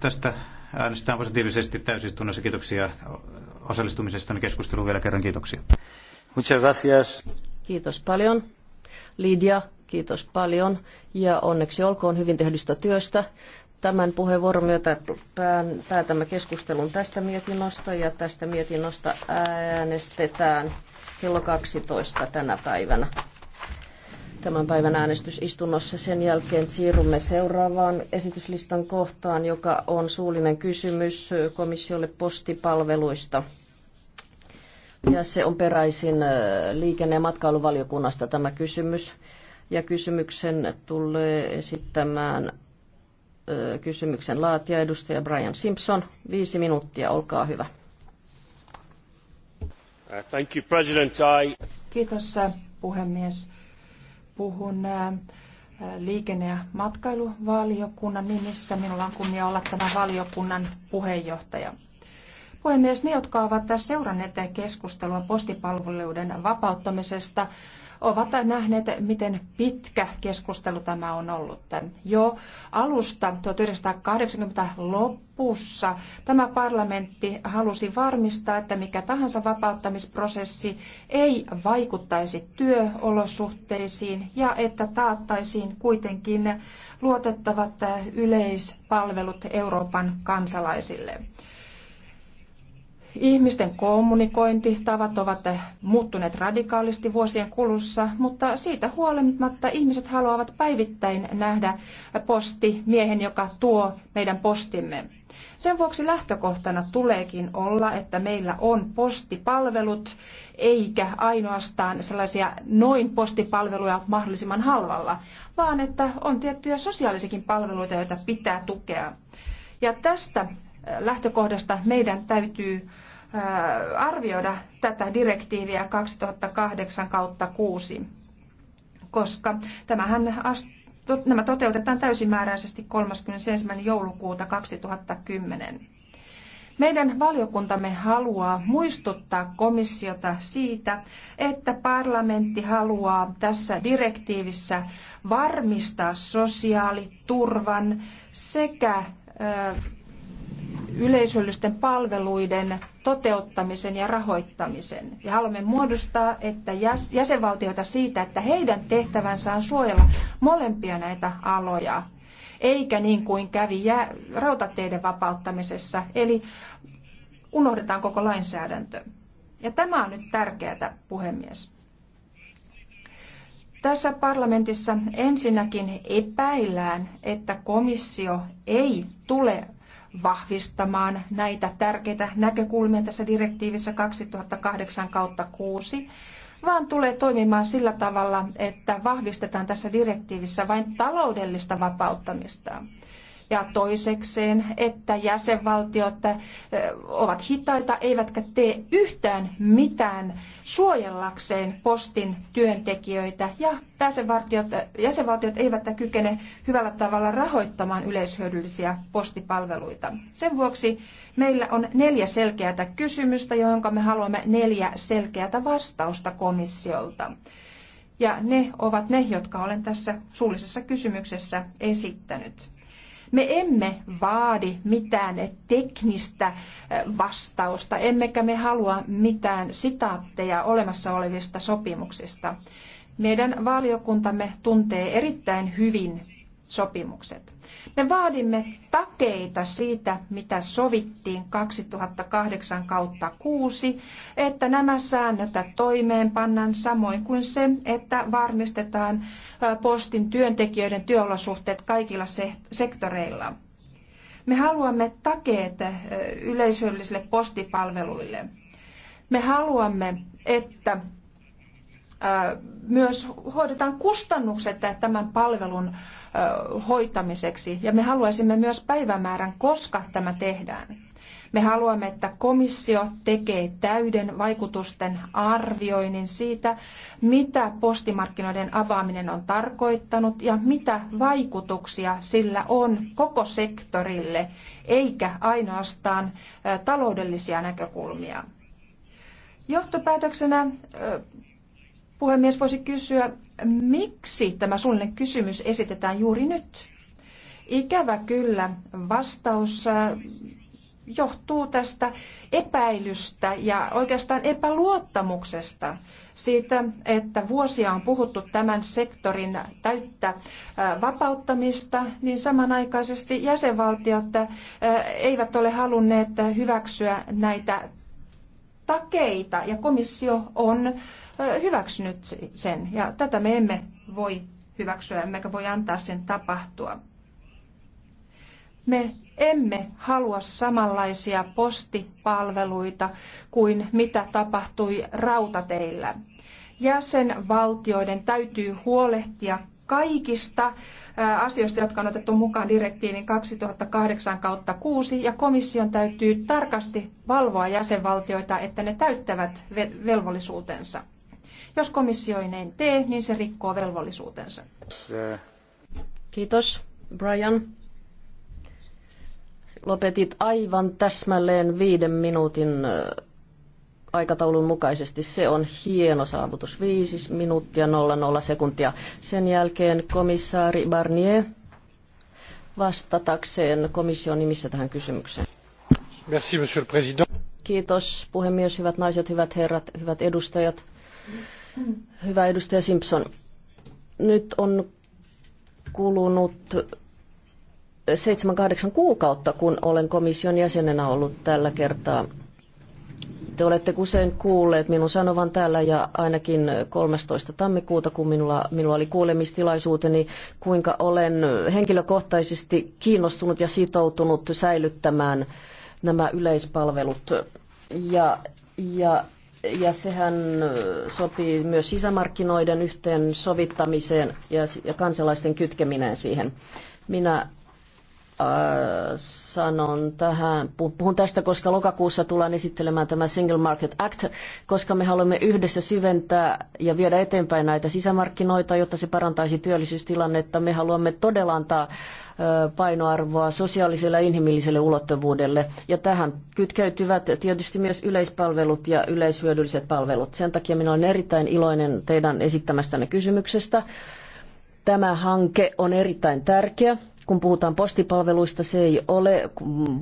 Tästä äänestetään positiivisesti täysistunnossa. Kiitoksia osallistumisesta keskusteluun vielä kerran. Kiitoksia. Muchas gracias. Kiitos paljon. Lidia, kiitos paljon. Ja onneksi olkoon hyvin tehdystä työstä. Tämän puheenvuoron myötä päätämme keskustelun tästä mietinnöstä ja tästä mietinnöstä äänestetään kello 12 tänä päivänä tämän päivän äänestysistunnossa. Sen jälkeen siirrymme seuraavaan esityslistan kohtaan, joka on suullinen kysymys komissiolle postipalveluista. Ja se on peräisin äh, liikenne- ja matkailuvaliokunnasta tämä kysymys. Ja kysymyksen tulee esittämään äh, kysymyksen laatija edustaja Brian Simpson. Viisi minuuttia, olkaa hyvä. Uh, thank you, President. I... Kiitos äh, puhemies puhun liikenne- ja matkailuvaliokunnan nimissä. Minulla on kunnia olla tämän valiokunnan puheenjohtaja. Puhemies, ne, jotka ovat tässä seuranneet keskustelua postipalveluiden vapauttamisesta, ovat nähneet, miten pitkä keskustelu tämä on ollut. Jo alusta 1980 lopussa tämä parlamentti halusi varmistaa, että mikä tahansa vapauttamisprosessi ei vaikuttaisi työolosuhteisiin ja että taattaisiin kuitenkin luotettavat yleispalvelut Euroopan kansalaisille. Ihmisten kommunikointitavat ovat muuttuneet radikaalisti vuosien kulussa, mutta siitä huolimatta ihmiset haluavat päivittäin nähdä posti miehen, joka tuo meidän postimme. Sen vuoksi lähtökohtana tuleekin olla, että meillä on postipalvelut, eikä ainoastaan sellaisia noin postipalveluja mahdollisimman halvalla, vaan että on tiettyjä sosiaalisikin palveluita, joita pitää tukea. Ja tästä lähtökohdasta meidän täytyy arvioida tätä direktiiviä 2008 kautta 6, koska tämähän nämä toteutetaan täysimääräisesti 31. joulukuuta 2010. Meidän valiokuntamme haluaa muistuttaa komissiota siitä, että parlamentti haluaa tässä direktiivissä varmistaa sosiaaliturvan sekä yleisöllisten palveluiden toteuttamisen ja rahoittamisen. Ja haluamme muodostaa että jäsenvaltioita siitä, että heidän tehtävänsä on suojella molempia näitä aloja, eikä niin kuin kävi rautateiden vapauttamisessa, eli unohdetaan koko lainsäädäntö. Ja tämä on nyt tärkeää, puhemies. Tässä parlamentissa ensinnäkin epäillään, että komissio ei tule vahvistamaan näitä tärkeitä näkökulmia tässä direktiivissä 2008 kautta 6, vaan tulee toimimaan sillä tavalla, että vahvistetaan tässä direktiivissä vain taloudellista vapauttamista ja toisekseen, että jäsenvaltiot ovat hitaita eivätkä tee yhtään mitään suojellakseen postin työntekijöitä ja jäsenvaltiot, jäsenvaltiot eivät kykene hyvällä tavalla rahoittamaan yleishyödyllisiä postipalveluita. Sen vuoksi meillä on neljä selkeää kysymystä, johon me haluamme neljä selkeää vastausta komissiolta. Ja ne ovat ne, jotka olen tässä suullisessa kysymyksessä esittänyt. Me emme vaadi mitään teknistä vastausta, emmekä me halua mitään sitaatteja olemassa olevista sopimuksista. Meidän valiokuntamme tuntee erittäin hyvin sopimukset. Me vaadimme takeita siitä, mitä sovittiin 2008 kautta 6, että nämä säännöt toimeenpannan samoin kuin se, että varmistetaan postin työntekijöiden työolosuhteet kaikilla sektoreilla. Me haluamme takeet yleisöllisille postipalveluille. Me haluamme, että myös hoidetaan kustannukset tämän palvelun hoitamiseksi ja me haluaisimme myös päivämäärän, koska tämä tehdään. Me haluamme, että komissio tekee täyden vaikutusten arvioinnin siitä, mitä postimarkkinoiden avaaminen on tarkoittanut ja mitä vaikutuksia sillä on koko sektorille, eikä ainoastaan taloudellisia näkökulmia. Johtopäätöksenä Puhemies voisi kysyä, miksi tämä suullinen kysymys esitetään juuri nyt? Ikävä kyllä vastaus äh, johtuu tästä epäilystä ja oikeastaan epäluottamuksesta siitä, että vuosia on puhuttu tämän sektorin täyttä äh, vapauttamista, niin samanaikaisesti jäsenvaltiot äh, eivät ole halunneet hyväksyä näitä takeita ja komissio on hyväksynyt sen ja tätä me emme voi hyväksyä emmekä voi antaa sen tapahtua. Me emme halua samanlaisia postipalveluita kuin mitä tapahtui rautateillä. Jäsenvaltioiden täytyy huolehtia kaikista asioista, jotka on otettu mukaan direktiivin 2008 kautta 6, ja komission täytyy tarkasti valvoa jäsenvaltioita, että ne täyttävät velvollisuutensa. Jos komissio ei näin tee, niin se rikkoo velvollisuutensa. Kiitos, Brian. Lopetit aivan täsmälleen viiden minuutin aikataulun mukaisesti. Se on hieno saavutus, 5 minuuttia 00 sekuntia. Sen jälkeen komissaari Barnier vastatakseen komission nimissä tähän kysymykseen. Merci, monsieur le président. Kiitos puhemies, hyvät naiset, hyvät herrat, hyvät edustajat. Hyvä edustaja Simpson. Nyt on kulunut 7-8 kuukautta, kun olen komission jäsenenä ollut tällä kertaa. Te olette usein kuulleet minun sanovan täällä ja ainakin 13. tammikuuta, kun minulla, minulla oli kuulemistilaisuuteni, kuinka olen henkilökohtaisesti kiinnostunut ja sitoutunut säilyttämään nämä yleispalvelut. Ja, ja ja sehän sopii myös sisämarkkinoiden yhteen sovittamiseen ja, ja kansalaisten kytkeminen siihen. Minä Äh, sanon tähän, puhun tästä, koska lokakuussa tullaan esittelemään tämä Single Market Act, koska me haluamme yhdessä syventää ja viedä eteenpäin näitä sisämarkkinoita, jotta se parantaisi työllisyystilannetta. Me haluamme todella antaa äh, painoarvoa sosiaaliselle ja inhimilliselle ulottuvuudelle. Ja tähän kytkeytyvät tietysti myös yleispalvelut ja yleishyödylliset palvelut. Sen takia minä olen erittäin iloinen teidän esittämästänne kysymyksestä. Tämä hanke on erittäin tärkeä kun puhutaan postipalveluista, se ei ole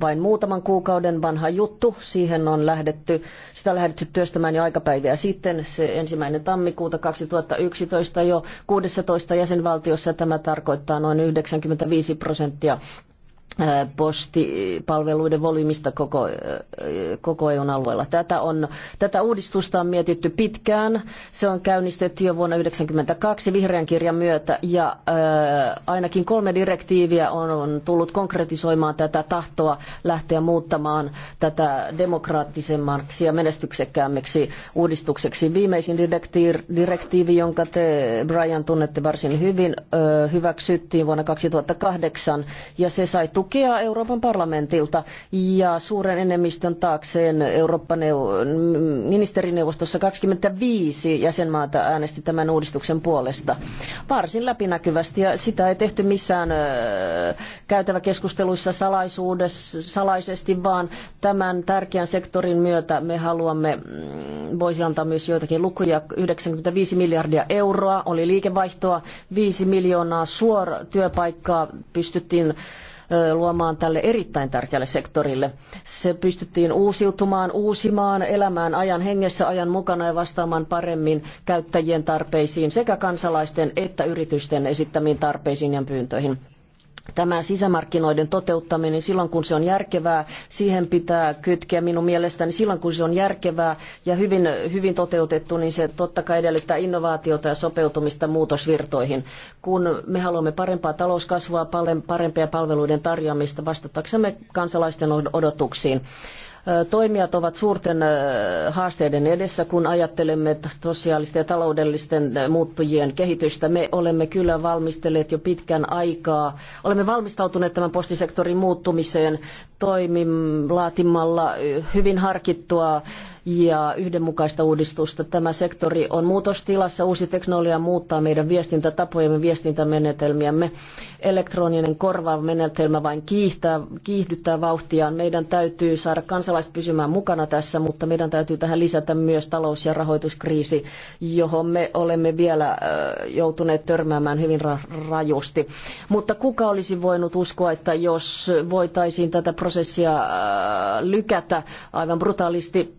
vain muutaman kuukauden vanha juttu. Siihen on lähdetty, sitä on lähdetty työstämään jo aikapäiviä sitten. Se ensimmäinen tammikuuta 2011 jo 16 jäsenvaltiossa tämä tarkoittaa noin 95 prosenttia postipalveluiden volyymista koko, koko EUn alueella. Tätä, on, tätä uudistusta on mietitty pitkään. Se on käynnistetty jo vuonna 1992 vihreän kirjan myötä ja ainakin kolme direktiiviä on, on tullut konkretisoimaan tätä tahtoa lähteä muuttamaan tätä demokraattisemmaksi ja menestyksekkäämmäksi uudistukseksi. Viimeisin direktiivi, jonka te Brian tunnette varsin hyvin, hyväksyttiin vuonna 2008 ja se sai tukea Euroopan parlamentilta ja suuren enemmistön taakseen Euroopan ministerineuvostossa 25 jäsenmaata äänesti tämän uudistuksen puolesta. Varsin läpinäkyvästi ja sitä ei tehty missään käytäväkeskusteluissa salaisesti, vaan tämän tärkeän sektorin myötä me haluamme, mm, voisi antaa myös joitakin lukuja, 95 miljardia euroa oli liikevaihtoa, 5 miljoonaa suor työpaikkaa pystyttiin luomaan tälle erittäin tärkeälle sektorille. Se pystyttiin uusiutumaan, uusimaan, elämään ajan hengessä, ajan mukana ja vastaamaan paremmin käyttäjien tarpeisiin sekä kansalaisten että yritysten esittämiin tarpeisiin ja pyyntöihin tämä sisämarkkinoiden toteuttaminen silloin, kun se on järkevää, siihen pitää kytkeä minun mielestäni. Silloin, kun se on järkevää ja hyvin, hyvin toteutettu, niin se totta kai edellyttää innovaatiota ja sopeutumista muutosvirtoihin. Kun me haluamme parempaa talouskasvua, parempia palveluiden tarjoamista vastataksemme kansalaisten odotuksiin toimijat ovat suurten haasteiden edessä, kun ajattelemme sosiaalisten ja taloudellisten muuttujien kehitystä. Me olemme kyllä valmistelleet jo pitkän aikaa, olemme valmistautuneet tämän postisektorin muuttumiseen toimin laatimalla hyvin harkittua ja yhdenmukaista uudistusta. Tämä sektori on muutostilassa. Uusi teknologia muuttaa meidän viestintätapojamme, viestintämenetelmiämme. Elektroninen korvaava menetelmä vain kiihtää, kiihdyttää vauhtiaan. Meidän täytyy saada kansalaiset kansalaiset pysymään mukana tässä, mutta meidän täytyy tähän lisätä myös talous- ja rahoituskriisi, johon me olemme vielä joutuneet törmäämään hyvin ra- rajusti. Mutta kuka olisi voinut uskoa, että jos voitaisiin tätä prosessia lykätä aivan brutaalisti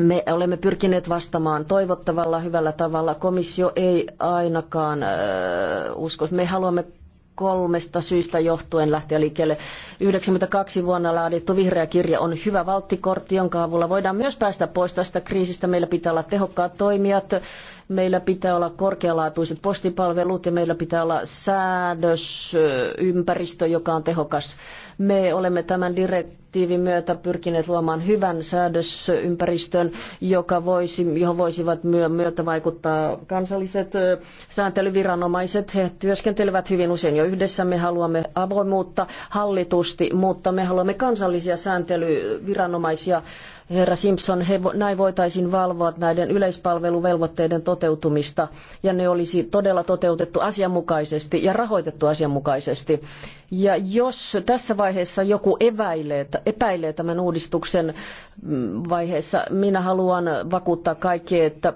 me olemme pyrkineet vastaamaan toivottavalla hyvällä tavalla. Komissio ei ainakaan äh, usko. Me haluamme kolmesta syystä johtuen lähteä liikkeelle. 92 vuonna laadittu vihreä kirja on hyvä valttikortti, jonka avulla voidaan myös päästä pois tästä kriisistä. Meillä pitää olla tehokkaat toimijat, meillä pitää olla korkealaatuiset postipalvelut ja meillä pitää olla säädösympäristö, joka on tehokas. Me olemme tämän direktiivin direktiivin myötä pyrkineet luomaan hyvän säädösympäristön, joka voisi, johon voisivat myötä vaikuttaa kansalliset sääntelyviranomaiset. He työskentelevät hyvin usein jo yhdessä. Me haluamme avoimuutta hallitusti, mutta me haluamme kansallisia sääntelyviranomaisia herra Simpson, he, näin voitaisiin valvoa näiden yleispalveluvelvoitteiden toteutumista ja ne olisi todella toteutettu asianmukaisesti ja rahoitettu asianmukaisesti. Ja jos tässä vaiheessa joku eväilee, epäilee tämän uudistuksen mm, vaiheessa, minä haluan vakuuttaa kaikki, että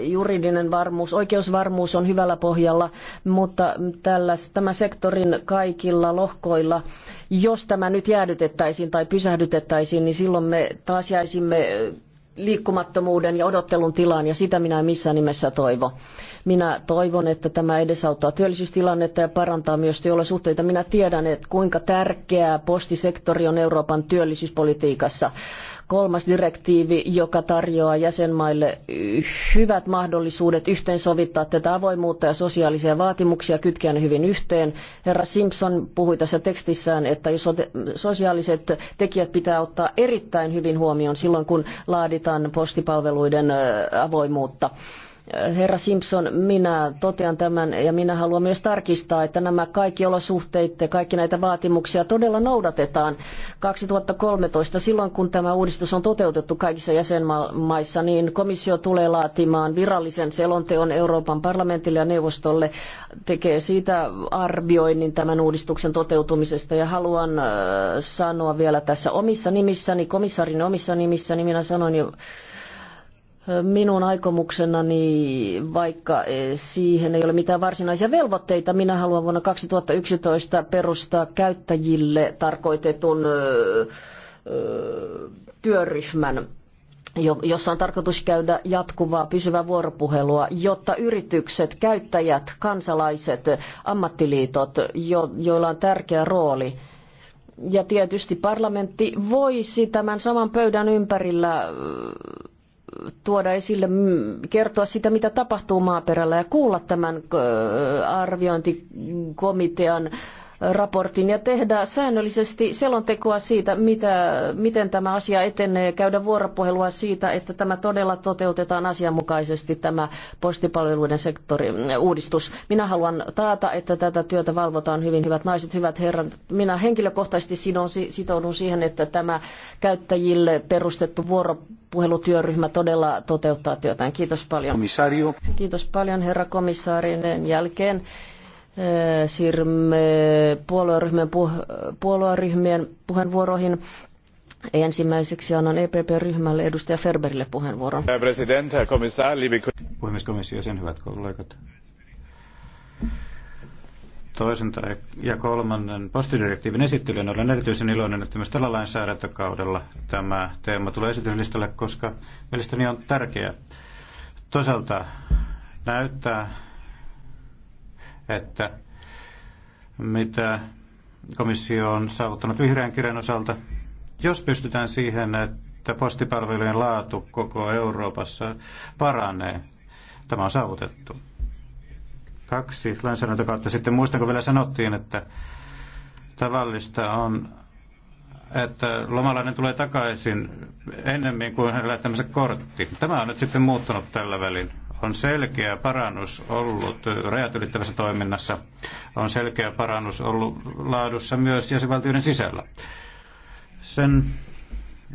juridinen varmuus, oikeusvarmuus on hyvällä pohjalla, mutta tällä, tämä sektorin kaikilla lohkoilla, jos tämä nyt jäädytettäisiin tai pysähdytettäisiin, niin silloin me taas jäisimme liikkumattomuuden ja odottelun tilaan, ja sitä minä en missään nimessä toivo. Minä toivon, että tämä edesauttaa työllisyystilannetta ja parantaa myös työolosuhteita. Minä tiedän, että kuinka tärkeää postisektori on Euroopan työllisyyspolitiikassa kolmas direktiivi, joka tarjoaa jäsenmaille hyvät mahdollisuudet yhteensovittaa tätä avoimuutta ja sosiaalisia vaatimuksia, kytkeä ne hyvin yhteen. Herra Simpson puhui tässä tekstissään, että jos sosiaaliset tekijät pitää ottaa erittäin hyvin huomioon silloin, kun laaditaan postipalveluiden avoimuutta. Herra Simpson, minä totean tämän ja minä haluan myös tarkistaa, että nämä kaikki olosuhteet ja kaikki näitä vaatimuksia todella noudatetaan. 2013, silloin kun tämä uudistus on toteutettu kaikissa jäsenmaissa, niin komissio tulee laatimaan virallisen selonteon Euroopan parlamentille ja neuvostolle, tekee siitä arvioinnin tämän uudistuksen toteutumisesta ja haluan äh, sanoa vielä tässä omissa nimissäni, komissarin omissa nimissäni, minä sanoin jo minun aikomuksenani, vaikka eh, siihen ei ole mitään varsinaisia velvoitteita, minä haluan vuonna 2011 perustaa käyttäjille tarkoitetun eh, eh, työryhmän jossa on tarkoitus käydä jatkuvaa pysyvää vuoropuhelua, jotta yritykset, käyttäjät, kansalaiset, ammattiliitot, joilla on tärkeä rooli, ja tietysti parlamentti voisi tämän saman pöydän ympärillä tuoda esille, kertoa sitä, mitä tapahtuu maaperällä ja kuulla tämän arviointikomitean raportin ja tehdä säännöllisesti selontekoa siitä, mitä, miten tämä asia etenee, käydä vuoropuhelua siitä, että tämä todella toteutetaan asianmukaisesti tämä postipalveluiden sektorin uudistus. Minä haluan taata, että tätä työtä valvotaan hyvin, hyvät naiset, hyvät herrat. Minä henkilökohtaisesti sitoudun siihen, että tämä käyttäjille perustettu vuoropuhelutyöryhmä todella toteuttaa työtään. Kiitos paljon. Komissario. Kiitos paljon herra komissaarinen jälkeen. Siirrymme puolueryhmien, puh- puolueryhmien puheenvuoroihin. Ensimmäiseksi annan EPP-ryhmälle edustaja Ferberille puheenvuoron. Puhemies komissio, sen hyvät kollegat. Toisen tai ja kolmannen postidirektiivin esittelyyn olen erityisen iloinen, että myös tällä lainsäädäntökaudella tämä teema tulee esityslistalle, koska mielestäni on tärkeää. Toisaalta näyttää että mitä komissio on saavuttanut vihreän kirjan osalta, jos pystytään siihen, että postipalvelujen laatu koko Euroopassa paranee, tämä on saavutettu. Kaksi lainsäädäntökautta sitten muistanko vielä sanottiin, että tavallista on, että lomalainen tulee takaisin ennemmin kuin hänellä tämmöisen kortti. Tämä on nyt sitten muuttunut tällä välin on selkeä parannus ollut rajat ylittävässä toiminnassa, on selkeä parannus ollut laadussa myös jäsenvaltioiden sisällä. Sen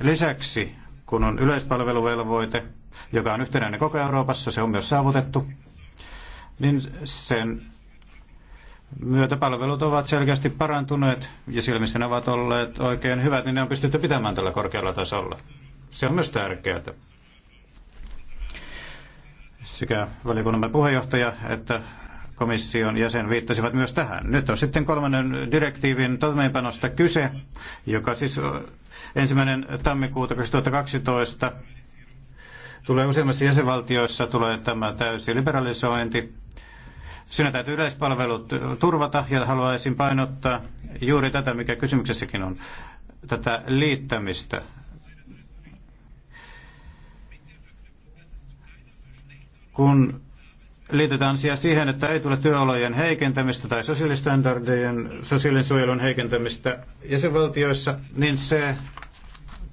lisäksi, kun on yleispalveluvelvoite, joka on yhtenäinen koko Euroopassa, se on myös saavutettu, niin sen myötä palvelut ovat selkeästi parantuneet ja missä ne ovat olleet oikein hyvät, niin ne on pystytty pitämään tällä korkealla tasolla. Se on myös tärkeää sekä valiokunnamme puheenjohtaja että komission jäsen viittasivat myös tähän. Nyt on sitten kolmannen direktiivin toimeenpanosta kyse, joka siis ensimmäinen tammikuuta 2012 tulee useimmissa jäsenvaltioissa tulee tämä täysi liberalisointi. Sinä täytyy yleispalvelut turvata ja haluaisin painottaa juuri tätä, mikä kysymyksessäkin on, tätä liittämistä kun liitetään siihen, siihen, että ei tule työolojen heikentämistä tai sosiaalistandardien, sosiaalisen suojelun heikentämistä jäsenvaltioissa, niin se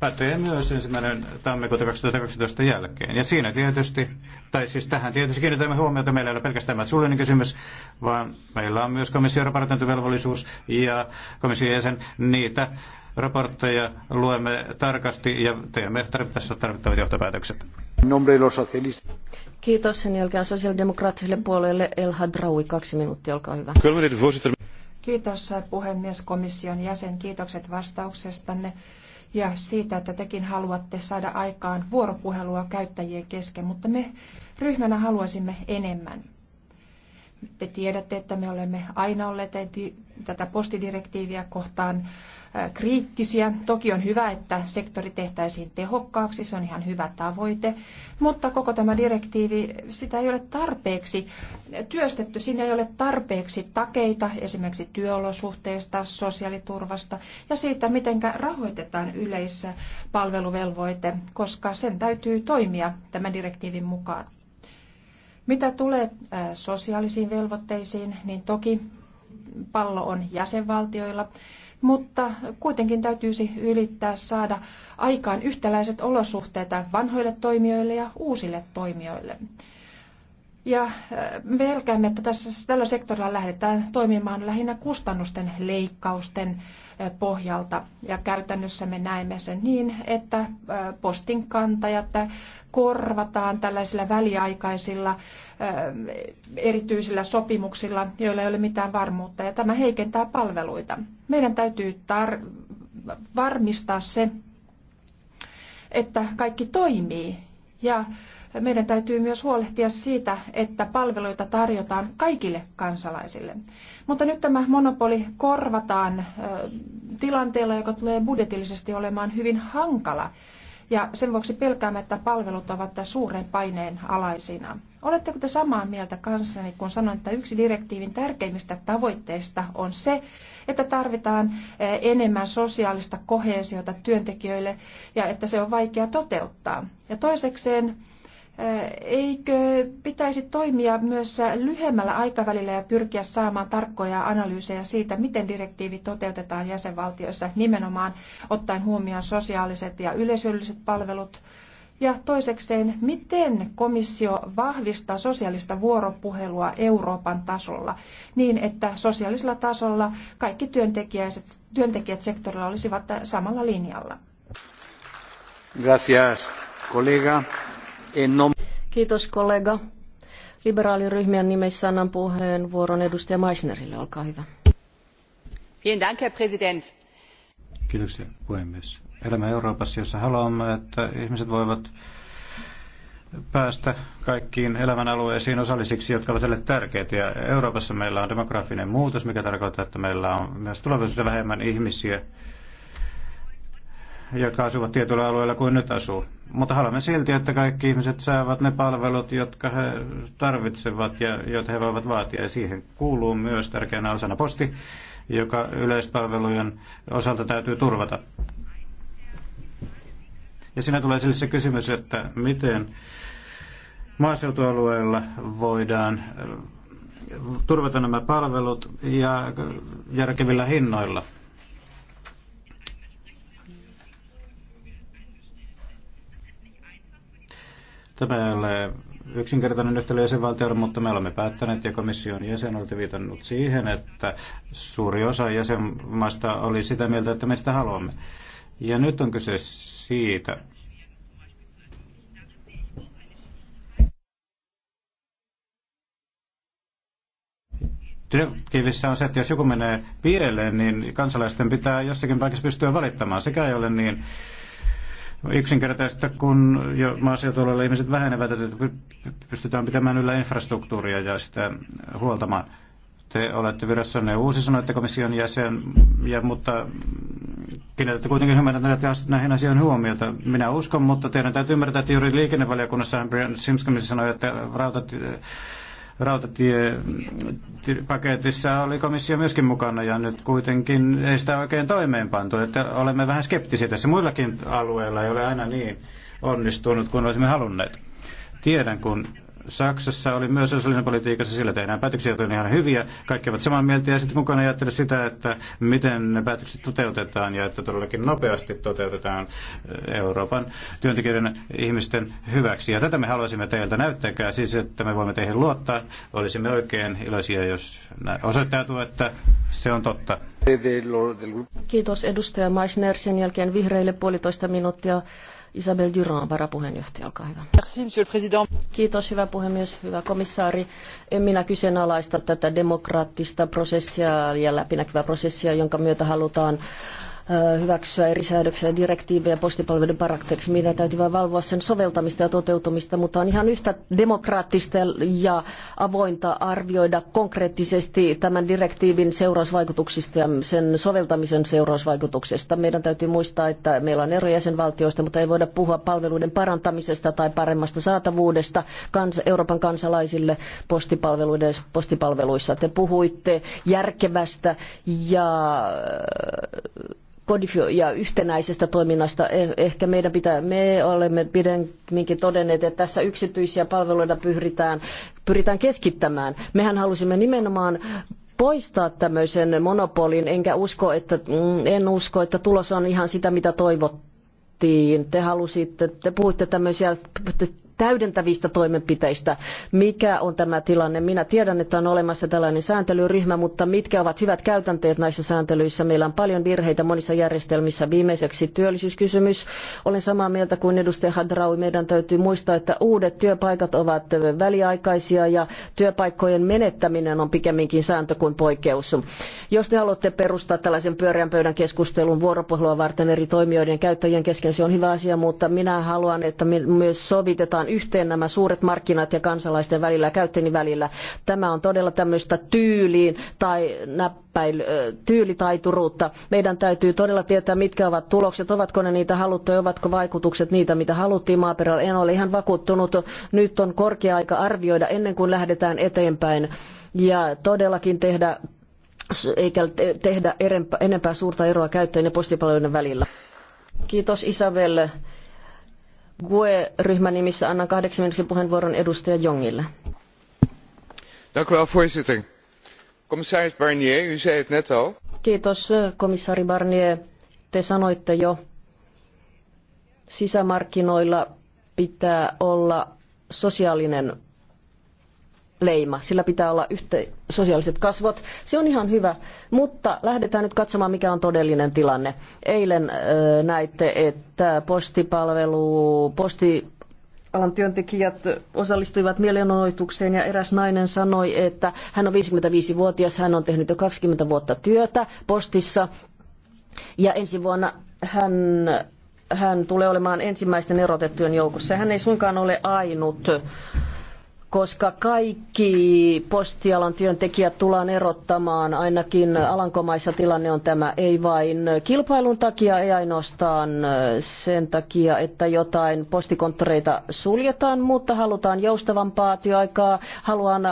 pätee myös ensimmäinen tammikuuta 2012 jälkeen. Ja siinä tietysti, tai siis tähän tietysti kiinnitämme huomiota, meillä ei ole pelkästään tämä suullinen kysymys, vaan meillä on myös komission raportointivelvollisuus ja komission jäsen niitä raportteja luemme tarkasti ja teemme tarvittaessa tarvittavat johtopäätökset. Kiitos. Sen jälkeen sosiaalidemokraattiselle puolelle El Hadraui. Kaksi minuuttia, olkaa hyvä. Kiitos puhemies komission jäsen. Kiitokset vastauksestanne ja siitä, että tekin haluatte saada aikaan vuoropuhelua käyttäjien kesken, mutta me ryhmänä haluaisimme enemmän. Te tiedätte, että me olemme aina olleet tätä postidirektiiviä kohtaan äh, kriittisiä. Toki on hyvä, että sektori tehtäisiin tehokkaaksi, se on ihan hyvä tavoite, mutta koko tämä direktiivi, sitä ei ole tarpeeksi työstetty, siinä ei ole tarpeeksi takeita esimerkiksi työolosuhteista, sosiaaliturvasta ja siitä, miten rahoitetaan yleissä palveluvelvoite, koska sen täytyy toimia tämän direktiivin mukaan. Mitä tulee äh, sosiaalisiin velvoitteisiin, niin toki pallo on jäsenvaltioilla, mutta kuitenkin täytyisi ylittää saada aikaan yhtäläiset olosuhteet vanhoille toimijoille ja uusille toimijoille. Ja eh, pelkäämme, että tässä, tällä sektorilla lähdetään toimimaan lähinnä kustannusten leikkausten eh, pohjalta. Ja käytännössä me näemme sen niin, että eh, postin kantajat korvataan tällaisilla väliaikaisilla erityisillä sopimuksilla, joilla ei ole mitään varmuutta. Ja tämä heikentää palveluita. Meidän täytyy tar- varmistaa se, että kaikki toimii. Ja meidän täytyy myös huolehtia siitä, että palveluita tarjotaan kaikille kansalaisille. Mutta nyt tämä monopoli korvataan tilanteella, joka tulee budjetillisesti olemaan hyvin hankala. Ja sen vuoksi pelkäämme, että palvelut ovat suuren paineen alaisina. Oletteko te samaa mieltä kanssani, kun sanoin, että yksi direktiivin tärkeimmistä tavoitteista on se, että tarvitaan enemmän sosiaalista kohesiota työntekijöille ja että se on vaikea toteuttaa. Ja toisekseen Eikö pitäisi toimia myös lyhyemmällä aikavälillä ja pyrkiä saamaan tarkkoja analyysejä siitä, miten direktiivi toteutetaan jäsenvaltioissa, nimenomaan ottaen huomioon sosiaaliset ja yleisölliset palvelut? Ja toisekseen, miten komissio vahvistaa sosiaalista vuoropuhelua Euroopan tasolla niin, että sosiaalisella tasolla kaikki työntekijät, työntekijät sektorilla olisivat samalla linjalla? Gracias, kollega. Kiitos kollega. Liberaaliryhmien nimissä annan puheenvuoron edustaja Meissnerille. Olkaa hyvä. Dank, Herr Präsident. Kiitoksia puhemies. Elämä Euroopassa, jossa haluamme, että ihmiset voivat päästä kaikkiin elämän alueisiin osallisiksi, jotka ovat heille tärkeitä. Ja Euroopassa meillä on demografinen muutos, mikä tarkoittaa, että meillä on myös tulevaisuudessa vähemmän ihmisiä, jotka asuvat tietyllä alueella kuin nyt asuu. Mutta haluamme silti, että kaikki ihmiset saavat ne palvelut, jotka he tarvitsevat ja joita he voivat vaatia. Ja siihen kuuluu myös tärkeänä osana posti, joka yleispalvelujen osalta täytyy turvata. Ja siinä tulee sille siis se kysymys, että miten maaseutualueella voidaan eh, turvata nämä palvelut ja järkevillä hinnoilla. Tämä ei ole yksinkertainen yhtälö jäsenvaltioiden, mutta me olemme päättäneet ja komission jäsen olette viitannut siihen, että suuri osa jäsenmaista oli sitä mieltä, että me sitä haluamme. Ja nyt on kyse siitä, direktiivissä on se, että jos joku menee pieleen, niin kansalaisten pitää jossakin paikassa pystyä valittamaan. Sekä ei ole niin yksinkertaista, kun jo maaseutualueella ihmiset vähenevät, että pystytään pitämään yllä infrastruktuuria ja sitä huoltamaan. Te olette virassanne uusi, sanoitte komission jäsen, ja, mutta kiinnitätte kuitenkin hyvänä näihin asioihin huomiota. Minä uskon, mutta teidän täytyy ymmärtää, että juuri liikennevaliokunnassa Brian Simskamissa sanoi, että rautat rautatiepaketissa mm, oli komissio myöskin mukana ja nyt kuitenkin ei sitä oikein toimeenpantu, että olemme vähän skeptisiä tässä. Muillakin alueilla ei ole aina niin onnistunut kuin olisimme halunneet. Tiedän, kun Saksassa oli myös sosiaalinen politiikassa, sillä tehdään päätöksiä, jotka ovat ihan hyviä. Kaikki ovat samaa mieltä ja sitten mukana ajattele sitä, että miten ne päätökset toteutetaan ja että todellakin nopeasti toteutetaan eh, Euroopan työntekijöiden ihmisten hyväksi. Ja tätä me haluaisimme teiltä näyttäkää, siis että me voimme teihin luottaa. Olisimme oikein iloisia, jos osoittautuu, että se on totta. Kiitos edustaja Maisner. Sen jälkeen vihreille puolitoista minuuttia. Isabel Duran, varapuheenjohtaja, olkaa hyvä. Kiitos, hyvä puhemies, hyvä komissaari. En minä kyseenalaista tätä demokraattista prosessia ja läpinäkyvää prosessia, jonka myötä halutaan Äh, hyväksyä eri säädöksiä ja direktiivejä postipalveluiden parakteeksi. Meidän täytyy vain valvoa sen soveltamista ja toteutumista, mutta on ihan yhtä demokraattista ja avointa arvioida konkreettisesti tämän direktiivin seurausvaikutuksista ja sen soveltamisen seurausvaikutuksesta. Meidän täytyy muistaa, että meillä on eroja jäsenvaltioista, mutta ei voida puhua palveluiden parantamisesta tai paremmasta saatavuudesta Euroopan kansalaisille postipalveluiden, postipalveluissa. Te puhuitte järkevästä ja ja yhtenäisestä toiminnasta. Eh, ehkä meidän pitää, me olemme pidemminkin todenneet, että tässä yksityisiä palveluita pyritään, pyritään keskittämään. Mehän halusimme nimenomaan poistaa tämmöisen monopolin, enkä usko, että, mm, en usko, että tulos on ihan sitä, mitä toivottiin. Te halusitte, te puhuitte tämmöisiä täydentävistä toimenpiteistä. Mikä on tämä tilanne? Minä tiedän, että on olemassa tällainen sääntelyryhmä, mutta mitkä ovat hyvät käytänteet näissä sääntelyissä? Meillä on paljon virheitä monissa järjestelmissä. Viimeiseksi työllisyyskysymys. Olen samaa mieltä kuin edustaja Hadraui. Meidän täytyy muistaa, että uudet työpaikat ovat väliaikaisia ja työpaikkojen menettäminen on pikemminkin sääntö kuin poikkeus. Jos te haluatte perustaa tällaisen pyöreän pöydän keskustelun vuoropuhelua varten eri toimijoiden ja käyttäjien kesken, se on hyvä asia, mutta minä haluan, että myös sovitetaan saatetaan yhteen nämä suuret markkinat ja kansalaisten välillä ja käyttäjien välillä. Tämä on todella tämmöistä tyyliin tai näppäily, tyylitaituruutta. Meidän täytyy todella tietää, mitkä ovat tulokset, ovatko ne niitä haluttuja, ovatko vaikutukset niitä, mitä haluttiin maaperällä. En ole ihan vakuuttunut. Nyt on korkea aika arvioida ennen kuin lähdetään eteenpäin ja todellakin tehdä eikä tehdä enempää suurta eroa käyttäjien ja postipalveluiden välillä. Kiitos Isabelle. GUE-ryhmän nimissä annan kahdeksi minuutin puheenvuoron edustaja Jongille. Dank u wel, voorzitter. Commissaris Barnier, u zei het net al. Kiitos, komissaari Barnier. Te sanoitte jo, sisämarkkinoilla pitää olla sosiaalinen leima. Sillä pitää olla yhte, sosiaaliset kasvot. Se on ihan hyvä, mutta lähdetään nyt katsomaan, mikä on todellinen tilanne. Eilen ö, näitte, että postipalvelu, posti alan työntekijät osallistuivat mielenosoitukseen ja eräs nainen sanoi, että hän on 55-vuotias, hän on tehnyt jo 20 vuotta työtä postissa ja ensi vuonna hän hän tulee olemaan ensimmäisten erotettujen joukossa. Hän ei suinkaan ole ainut koska kaikki postialan työntekijät tullaan erottamaan, ainakin Alankomaissa tilanne on tämä, ei vain kilpailun takia, ei ainoastaan sen takia, että jotain postikonttoreita suljetaan, mutta halutaan joustavampaa työaikaa, haluan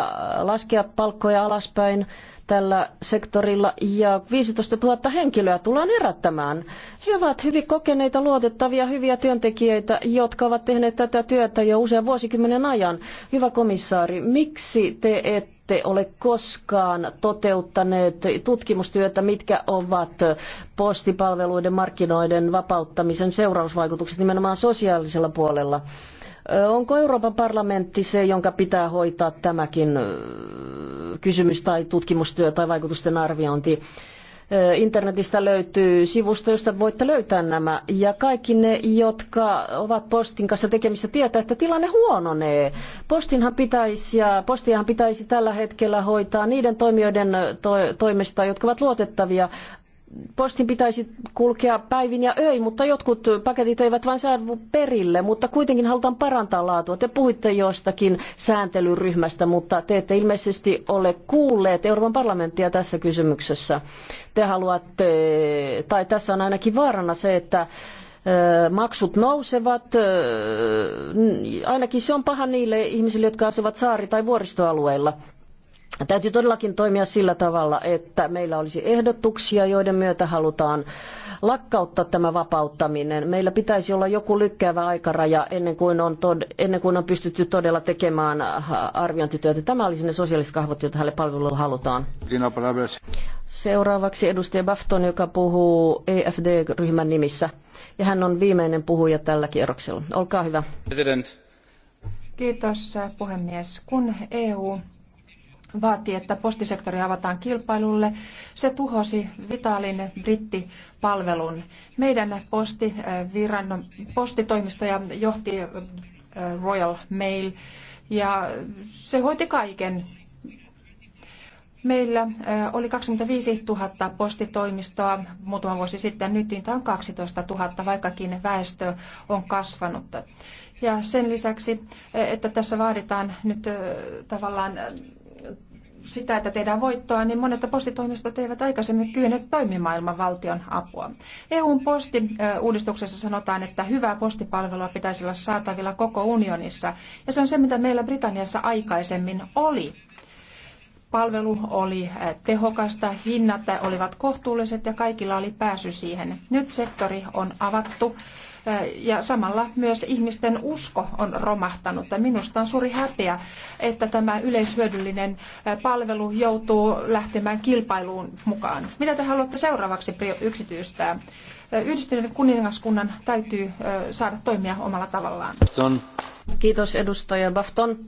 laskea palkkoja alaspäin tällä sektorilla ja 15 000 henkilöä tullaan erättämään. He ovat hyvin kokeneita, luotettavia, hyviä työntekijöitä, jotka ovat tehneet tätä työtä jo usean vuosikymmenen ajan. Hyvä komissaari, miksi te ette ole koskaan toteuttaneet tutkimustyötä, mitkä ovat postipalveluiden markkinoiden vapauttamisen seurausvaikutukset nimenomaan sosiaalisella puolella. Onko Euroopan parlamentti se, jonka pitää hoitaa tämäkin kysymys tai tutkimustyö tai vaikutusten arviointi? Internetistä löytyy sivusto, josta voitte löytää nämä. Ja kaikki ne, jotka ovat Postin kanssa tekemissä, tietää, että tilanne huononee. Postinhan pitäisi, ja postiahan pitäisi tällä hetkellä hoitaa niiden toimijoiden to- toimesta, jotka ovat luotettavia postin pitäisi kulkea päivin ja öin, mutta jotkut paketit eivät vain saavu perille, mutta kuitenkin halutaan parantaa laatua. Te puhuitte jostakin sääntelyryhmästä, mutta te ette ilmeisesti ole kuulleet Euroopan parlamenttia tässä kysymyksessä. Te haluatte, tai tässä on ainakin vaarana se, että maksut nousevat. Ainakin se on paha niille ihmisille, jotka asuvat saari- tai vuoristoalueilla. Täytyy todellakin toimia sillä tavalla, että meillä olisi ehdotuksia, joiden myötä halutaan lakkauttaa tämä vapauttaminen. Meillä pitäisi olla joku lykkäävä aikaraja ennen kuin on, tod- ennen kuin on pystytty todella tekemään arviointityötä. Tämä olisi ne sosiaaliset kahvot, joita hänelle palvelulle halutaan. Seuraavaksi edustaja Bafton, joka puhuu EFD-ryhmän nimissä. Ja hän on viimeinen puhuja tällä kierroksella. Olkaa hyvä. President. Kiitos puhemies. Kun EU vaati, että postisektori avataan kilpailulle. Se tuhosi vitaalin brittipalvelun. Meidän postivirannon, äh, postitoimistoja johti äh, Royal Mail ja se hoiti kaiken. Meillä äh, oli 25 000 postitoimistoa muutama vuosi sitten, nyt niitä on 12 000, vaikkakin väestö on kasvanut. Ja sen lisäksi, että tässä vaaditaan nyt tavallaan sitä, että tehdään voittoa, niin monet postitoimistot eivät aikaisemmin kyenneet toimimaan ilman valtion apua. EUn postiuudistuksessa sanotaan, että hyvää postipalvelua pitäisi olla saatavilla koko unionissa, ja se on se, mitä meillä Britanniassa aikaisemmin oli palvelu oli eh, tehokasta, hinnat olivat kohtuulliset ja kaikilla oli pääsy siihen. Nyt sektori on avattu eh, ja samalla myös ihmisten usko on romahtanut. Ja minusta on suuri häpeä, että tämä yleishyödyllinen eh, palvelu joutuu lähtemään kilpailuun mukaan. Mitä te haluatte seuraavaksi yksityistää? Yhdistyneen kuningaskunnan täytyy saada toimia omalla tavallaan. Kiitos edustaja Bafton.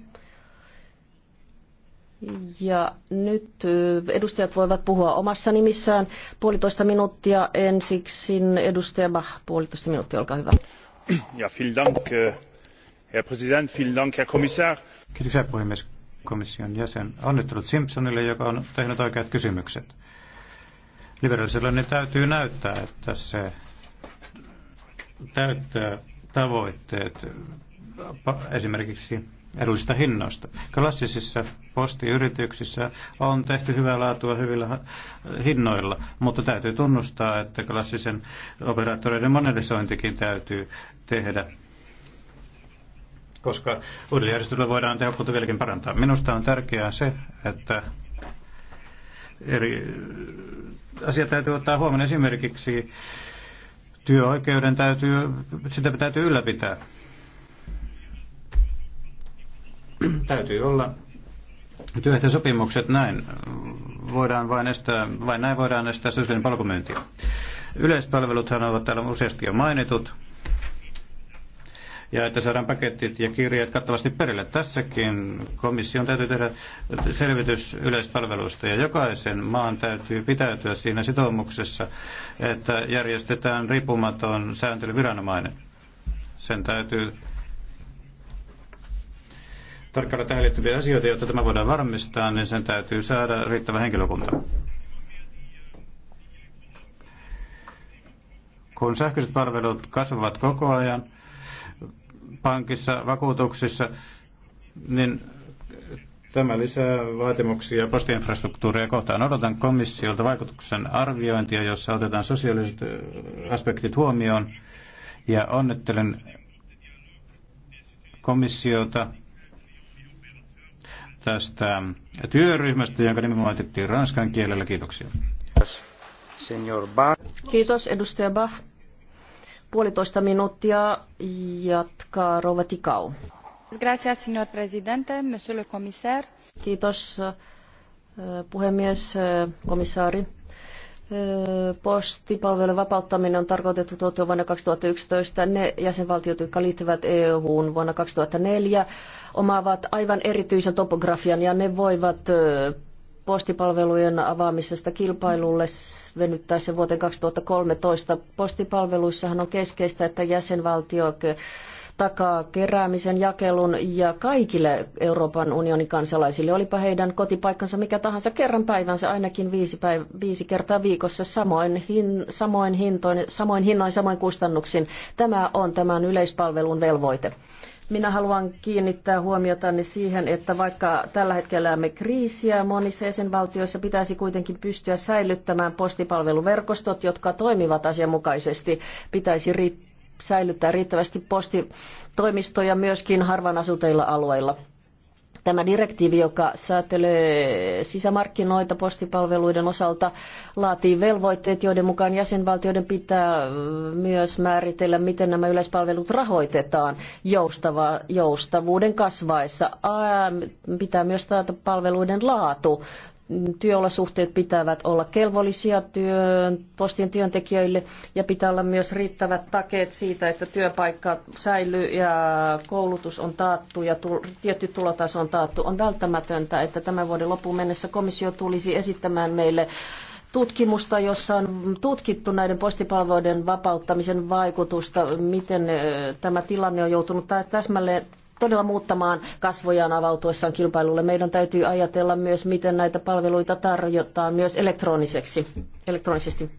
Ja nyt edustajat voivat puhua omassa nimissään puolitoista minuuttia. Ensiksi edustaja Bach, puolitoista minuuttia, olkaa hyvä. Ja, vielen dank, äh, herr president, vielen dank, herr kommissar. Kiitoksia puhemies komission jäsen. Onnittelut Simpsonille, joka on tehnyt oikeat kysymykset. Liberaaliselle niin täytyy näyttää, että se täyttää tavoitteet esimerkiksi edullisista hinnoista. Klassisissa postiyrityksissä on tehty hyvää laatua hyvillä hinnoilla, mutta täytyy tunnustaa, että klassisen operaattoreiden monelisointikin täytyy tehdä koska uudelleenjärjestelyllä voidaan tehokkuutta vieläkin parantaa. Minusta on tärkeää se, että eri asiat täytyy ottaa huomioon. Esimerkiksi työoikeuden täytyy, sitä täytyy ylläpitää. Täytyy olla työehtosopimukset näin voidaan vain estää, vain näin voidaan estää sosiaalinen palkomyynti. Yleispalveluthan ovat täällä useasti jo mainitut. Ja että saadaan paketit ja kirjeet kattavasti perille. Tässäkin komission täytyy tehdä selvitys yleispalveluista ja jokaisen maan täytyy pitäytyä siinä sitoumuksessa, että järjestetään riippumaton sääntelyviranomainen. Sen täytyy tarkkailla tähän liittyviä asioita, jotta tämä voidaan varmistaa, niin sen täytyy saada riittävä henkilökunta. Kun sähköiset palvelut kasvavat koko ajan pankissa, vakuutuksissa, niin Tämä lisää vaatimuksia postiinfrastruktuuria kohtaan. Odotan komissiolta vaikutuksen arviointia, jossa otetaan sosiaaliset aspektit huomioon. Ja onnittelen komissiota tästä työryhmästä, jonka nimi mainittiin ranskan kielellä. Kiitoksia. Kiitos, edustaja Bach. Puolitoista minuuttia jatkaa Rova Tikau. Kiitos, eh, puhemies, eh, komissaari postipalvelujen vapauttaminen on tarkoitettu toteutua vuonna 2011. Ne jäsenvaltiot, jotka liittyvät EU-hun vuonna 2004, omaavat aivan erityisen topografian ja ne voivat postipalvelujen avaamisesta kilpailulle venyttää se vuoteen 2013. Postipalveluissahan on keskeistä, että jäsenvaltiot takaa keräämisen, jakelun ja kaikille Euroopan unionin kansalaisille, olipa heidän kotipaikkansa mikä tahansa kerran päivänsä, ainakin viisi, päiv- viisi kertaa viikossa, samoin, hin- samoin, hintoin, samoin hinnoin, samoin kustannuksin. Tämä on tämän yleispalvelun velvoite. Minä haluan kiinnittää huomiota siihen, että vaikka tällä hetkellä elämme kriisiä monissa jäsenvaltioissa, pitäisi kuitenkin pystyä säilyttämään postipalveluverkostot, jotka toimivat asianmukaisesti. Pitäisi riittää säilyttää riittävästi postitoimistoja myöskin harvaan asuteilla alueilla. Tämä direktiivi, joka säätelee sisämarkkinoita postipalveluiden osalta, laatii velvoitteet, joiden mukaan jäsenvaltioiden pitää myös määritellä, miten nämä yleispalvelut rahoitetaan joustava, joustavuuden kasvaessa. Pitää myös taata palveluiden laatu työolosuhteet pitävät olla kelvollisia työn, postin työntekijöille ja pitää olla myös riittävät takeet siitä, että työpaikka säilyy ja koulutus on taattu ja tu, tietty tulotaso on taattu. On välttämätöntä, että tämän vuoden loppuun mennessä komissio tulisi esittämään meille tutkimusta, jossa on tutkittu näiden postipalveluiden vapauttamisen vaikutusta, miten tämä tilanne on joutunut täsmälleen todella muuttamaan kasvojaan avautuessaan kilpailulle. Meidän täytyy ajatella myös, miten näitä palveluita tarjotaan myös elektroniseksi, elektronisesti.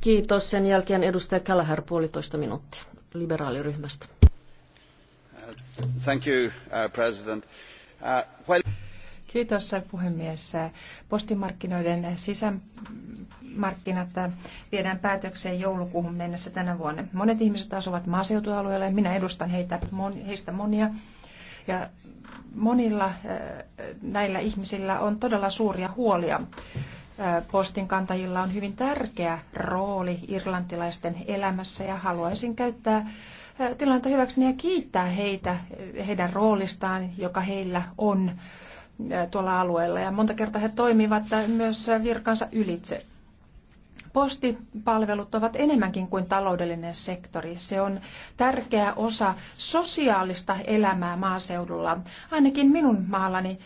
Kiitos. Sen jälkeen edustaja Kälhär puolitoista minuuttia liberaaliryhmästä. Thank you, uh, President. Uh, Kiitos puhemies. Postimarkkinoiden sisään markkinat äh, viedään päätökseen joulukuuhun mennessä tänä vuonna. Monet ihmiset asuvat maaseutualueella ja minä edustan heitä, heistä monia. Ja monilla äh, näillä ihmisillä on todella suuria huolia. Äh, postin kantajilla on hyvin tärkeä rooli irlantilaisten elämässä ja haluaisin käyttää tilannetta hyväkseni ja kiittää heitä heidän roolistaan, joka heillä on tuolla alueella. Ja monta kertaa he toimivat myös virkansa ylitse. Postipalvelut ovat enemmänkin kuin taloudellinen sektori. Se on tärkeä osa sosiaalista elämää maaseudulla. Ainakin minun maallani,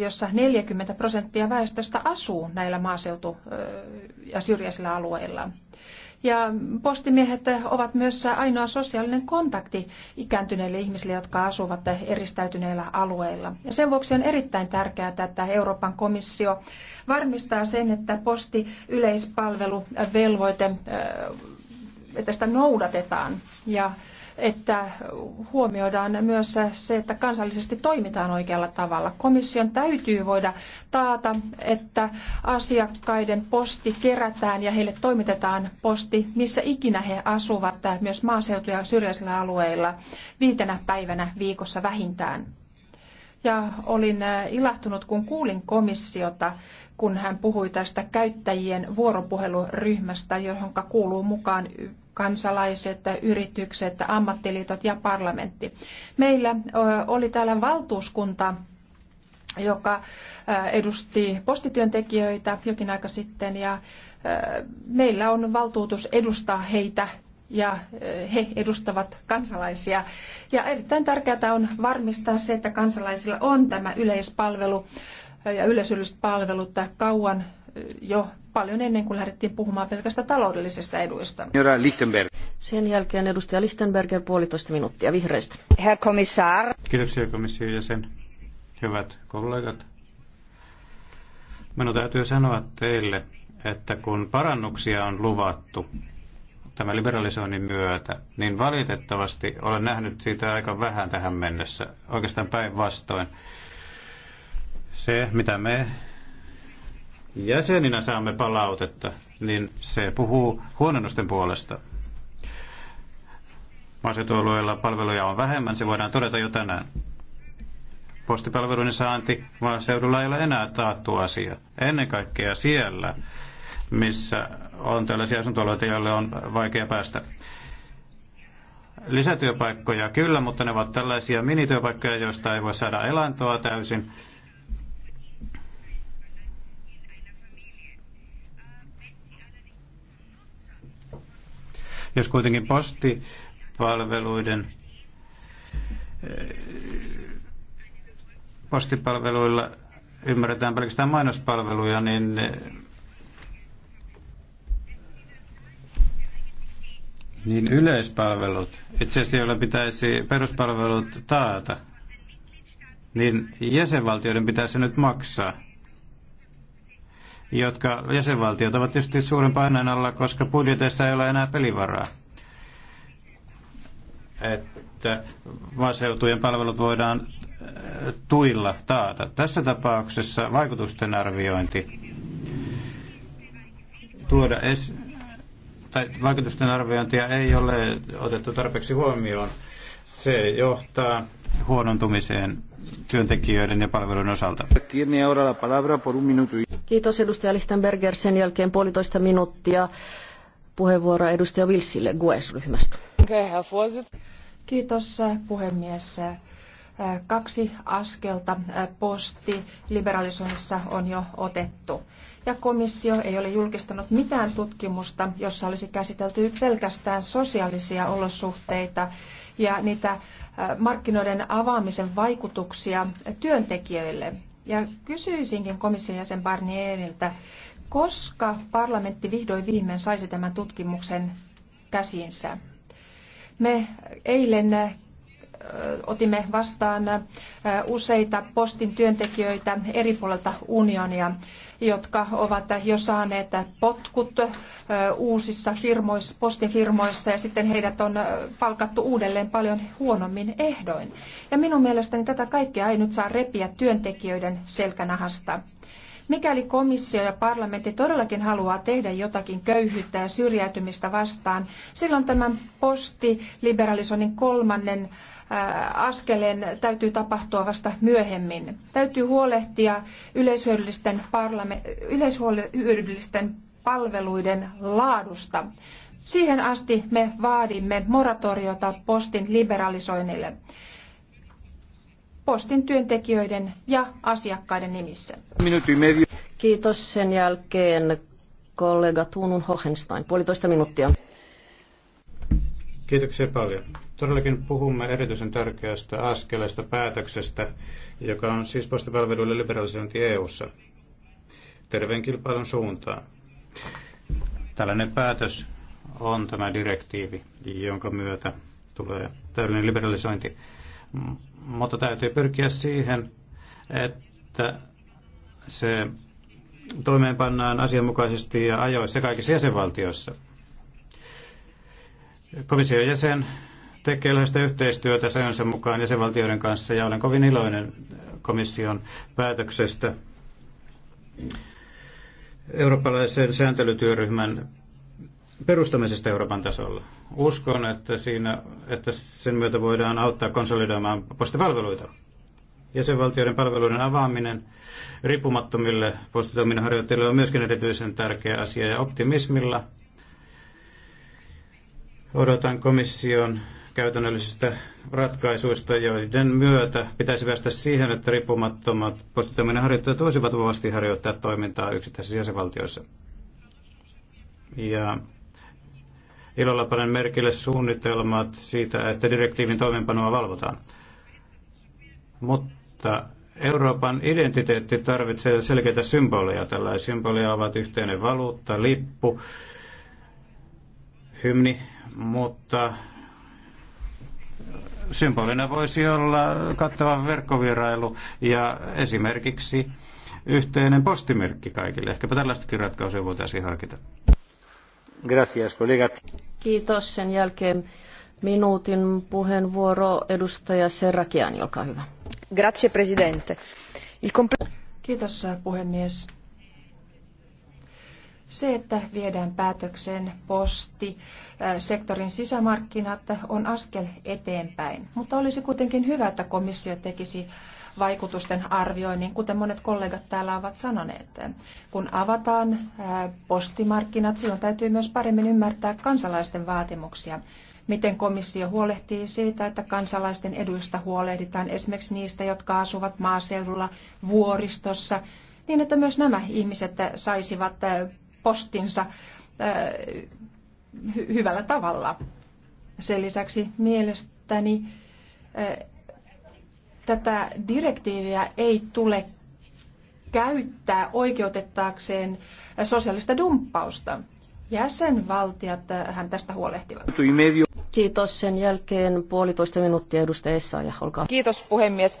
jossa 40 prosenttia väestöstä asuu näillä maaseutu- ja syrjäisillä alueilla – ja postimiehet ovat myös ainoa sosiaalinen kontakti ikääntyneille ihmisille, jotka asuvat eristäytyneillä alueilla. Ja sen vuoksi on erittäin tärkeää, että Euroopan komissio varmistaa sen, että postiyleispalveluvelvoite, että sitä noudatetaan. Ja että huomioidaan myös se, että kansallisesti toimitaan oikealla tavalla. Komission täytyy voida taata, että asiakkaiden posti kerätään ja heille toimitetaan posti, missä ikinä he asuvat, myös maaseutu- ja syrjäisillä alueilla, viitenä päivänä viikossa vähintään ja olin äh, ilahtunut, kun kuulin komissiota, kun hän puhui tästä käyttäjien vuoropuheluryhmästä, johon kuuluu mukaan kansalaiset, yritykset, ammattiliitot ja parlamentti. Meillä oli täällä valtuuskunta joka edusti postityöntekijöitä jokin aika sitten ja meillä on valtuutus edustaa heitä ja he edustavat kansalaisia. Ja erittäin tärkeää on varmistaa se, että kansalaisilla on tämä yleispalvelu ja yleisölliset palvelut kauan jo paljon ennen kuin lähdettiin puhumaan pelkästä taloudellisesta eduista. Lichtenberg. Sen jälkeen edustaja Lichtenberger puolitoista minuuttia vihreistä. Herr Kommissar. Kiitoksia komission jäsen. Hyvät kollegat. Minun täytyy sanoa teille, että kun parannuksia on luvattu tämän liberalisoinnin myötä, niin valitettavasti olen nähnyt siitä aika vähän tähän mennessä, oikeastaan päinvastoin. Se, mitä me jäseninä saamme palautetta, niin se puhuu huononnusten puolesta. Maaseutualueilla palveluja on vähemmän, se voidaan todeta jo tänään. Postipalveluiden saanti maaseudulla ei ole enää taattu asia. Ennen kaikkea siellä, missä on tällaisia asuntoalueita, joille on vaikea päästä. Lisätyöpaikkoja kyllä, mutta ne ovat tällaisia minityöpaikkoja, joista ei voi saada elantoa täysin Jos kuitenkin postipalveluiden postipalveluilla ymmärretään pelkästään mainospalveluja, niin Niin yleispalvelut, itse asiassa joilla pitäisi peruspalvelut taata, niin jäsenvaltioiden pitäisi nyt maksaa jotka jäsenvaltiot ovat tietysti suuren paineen alla, koska budjeteissa ei ole enää pelivaraa. Että maaseutujen palvelut voidaan äh, tuilla taata. Tässä tapauksessa vaikutusten arviointi tuoda es, tai vaikutusten arviointia ei ole otettu tarpeeksi huomioon. Se johtaa huonontumiseen työntekijöiden ja palvelun osalta. Tiene ahora la palabra por un minuto Kiitos edustaja Lichtenberger. Sen jälkeen puolitoista minuuttia puheenvuoroa edustaja Vilsille GUES-ryhmästä. Kiitos äh, puhemies äh, kaksi askelta äh, posti liberalisoinnissa on jo otettu. Ja komissio ei ole julkistanut mitään tutkimusta, jossa olisi käsitelty pelkästään sosiaalisia olosuhteita ja niitä markkinoiden avaamisen vaikutuksia työntekijöille. Ja kysyisinkin komission jäsen Barnierilta, koska parlamentti vihdoin viimein saisi tämän tutkimuksen käsiinsä. Me eilen otimme vastaan useita postin työntekijöitä eri puolilta unionia, jotka ovat jo saaneet potkut uusissa firmoissa, postin firmoissa ja sitten heidät on palkattu uudelleen paljon huonommin ehdoin. Ja minun mielestäni tätä kaikkea ei nyt saa repiä työntekijöiden selkänahasta. Mikäli komissio ja parlamentti todellakin haluaa tehdä jotakin köyhyyttä ja syrjäytymistä vastaan, silloin tämän postiliberalisoinnin kolmannen askeleen täytyy tapahtua vasta myöhemmin. Täytyy huolehtia yleishyödyllisten, parlame- yleishyödyllisten palveluiden laadusta. Siihen asti me vaadimme moratoriota postin liberalisoinnille postin työntekijöiden ja asiakkaiden nimissä. Kiitos sen jälkeen kollega Tuunun Hohenstein. Puolitoista minuuttia. Kiitoksia paljon. Todellakin puhumme erityisen tärkeästä askeleesta päätöksestä, joka on siis postipalveluille liberalisointi EU-ssa terveen kilpailun suuntaan. Tällainen päätös on tämä direktiivi, jonka myötä tulee täydellinen liberalisointi. Mutta täytyy pyrkiä siihen, että se toimeenpannaan asianmukaisesti ja ajoissa kaikissa jäsenvaltioissa. Komission jäsen tekee läheistä yhteistyötä säännönsä mukaan jäsenvaltioiden kanssa ja olen kovin iloinen komission päätöksestä eurooppalaisen sääntelytyöryhmän perustamisesta Euroopan tasolla. Uskon, että, siinä, että sen myötä voidaan auttaa konsolidoimaan postipalveluita. Jäsenvaltioiden palveluiden avaaminen riippumattomille postitoiminnan harjoittajille on myöskin erityisen tärkeä asia ja optimismilla odotan komission käytännöllisistä ratkaisuista, joiden myötä pitäisi päästä siihen, että riippumattomat postitoiminnan harjoittajat voisivat vapaasti harjoittaa toimintaa yksittäisissä jäsenvaltioissa. Ja ilolla panen merkille suunnitelmat siitä, että direktiivin toimeenpanoa valvotaan. Mutta Euroopan identiteetti tarvitsee selkeitä symboleja. Tällaisia symboleja ovat yhteinen valuutta, lippu, hymni, mutta Symbolina voisi olla kattava verkkovierailu ja esimerkiksi yhteinen postimerkki kaikille. Ehkäpä tällaistakin ratkaisua voitaisiin harkita. Gracias, kollegat. Kiitos. Sen jälkeen minuutin puheenvuoro edustaja Serrakian, olkaa hyvä. Grazie, presidente. Il Kiitos, puhemies. Se, että viedään päätökseen posti, sektorin sisämarkkinat on askel eteenpäin, mutta olisi kuitenkin hyvä, että komissio tekisi vaikutusten arvioinnin, kuten monet kollegat täällä ovat sanoneet. Kun avataan postimarkkinat, silloin täytyy myös paremmin ymmärtää kansalaisten vaatimuksia. Miten komissio huolehtii siitä, että kansalaisten eduista huolehditaan esimerkiksi niistä, jotka asuvat maaseudulla, vuoristossa, niin että myös nämä ihmiset saisivat postinsa äh, hyvällä tavalla. Sen lisäksi mielestäni äh, tätä direktiiviä ei tule käyttää oikeutettaakseen sosiaalista dumppausta. Jäsenvaltiot äh, hän tästä huolehtivat. Kiitos. Sen jälkeen puolitoista minuuttia edustaja Essaaja. Olkaa. Kiitos puhemies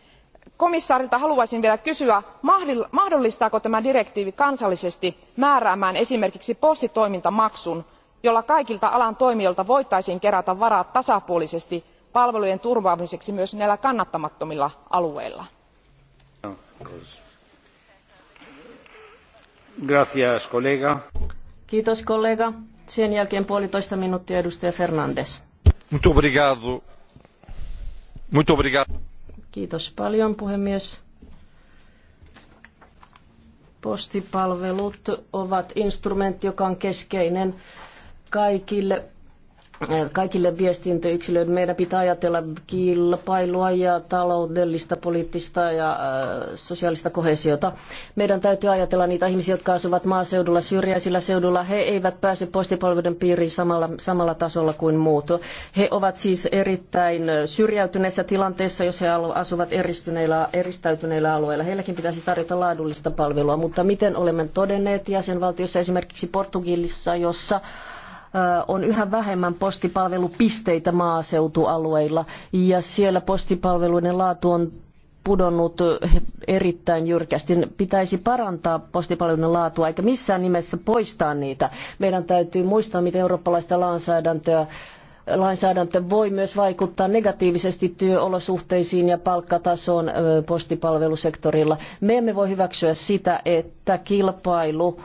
komissaarilta haluaisin vielä kysyä mahdollistaako tämä direktiivi kansallisesti määräämään esimerkiksi postitoimintamaksun jolla kaikilta alan toimijoilta voitaisiin kerätä varat tasapuolisesti palvelujen turvaamiseksi myös näillä kannattamattomilla alueilla? Kiitos paljon puhemies. Postipalvelut ovat instrumentti, joka on keskeinen kaikille kaikille viestintäyksilöille. Meidän pitää ajatella kilpailua ja taloudellista, poliittista ja äh, sosiaalista kohesiota. Meidän täytyy ajatella niitä ihmisiä, jotka asuvat maaseudulla, syrjäisillä seudulla. He eivät pääse postipalveluiden piiriin samalla, samalla tasolla kuin muut. He ovat siis erittäin syrjäytyneessä tilanteessa, jos he asuvat eristyneillä, eristäytyneillä alueilla. Heilläkin pitäisi tarjota laadullista palvelua, mutta miten olemme todenneet jäsenvaltiossa esimerkiksi Portugalissa, jossa Äh, on yhä vähemmän postipalvelupisteitä maaseutualueilla ja siellä postipalveluiden laatu on pudonnut erittäin jyrkästi. Pitäisi parantaa postipalveluiden laatua, eikä missään nimessä poistaa niitä. Meidän täytyy muistaa, miten eurooppalaista lainsäädäntöä lainsäädäntö voi myös vaikuttaa negatiivisesti työolosuhteisiin ja palkkatasoon äh, postipalvelusektorilla. Me emme voi hyväksyä sitä, että kilpailu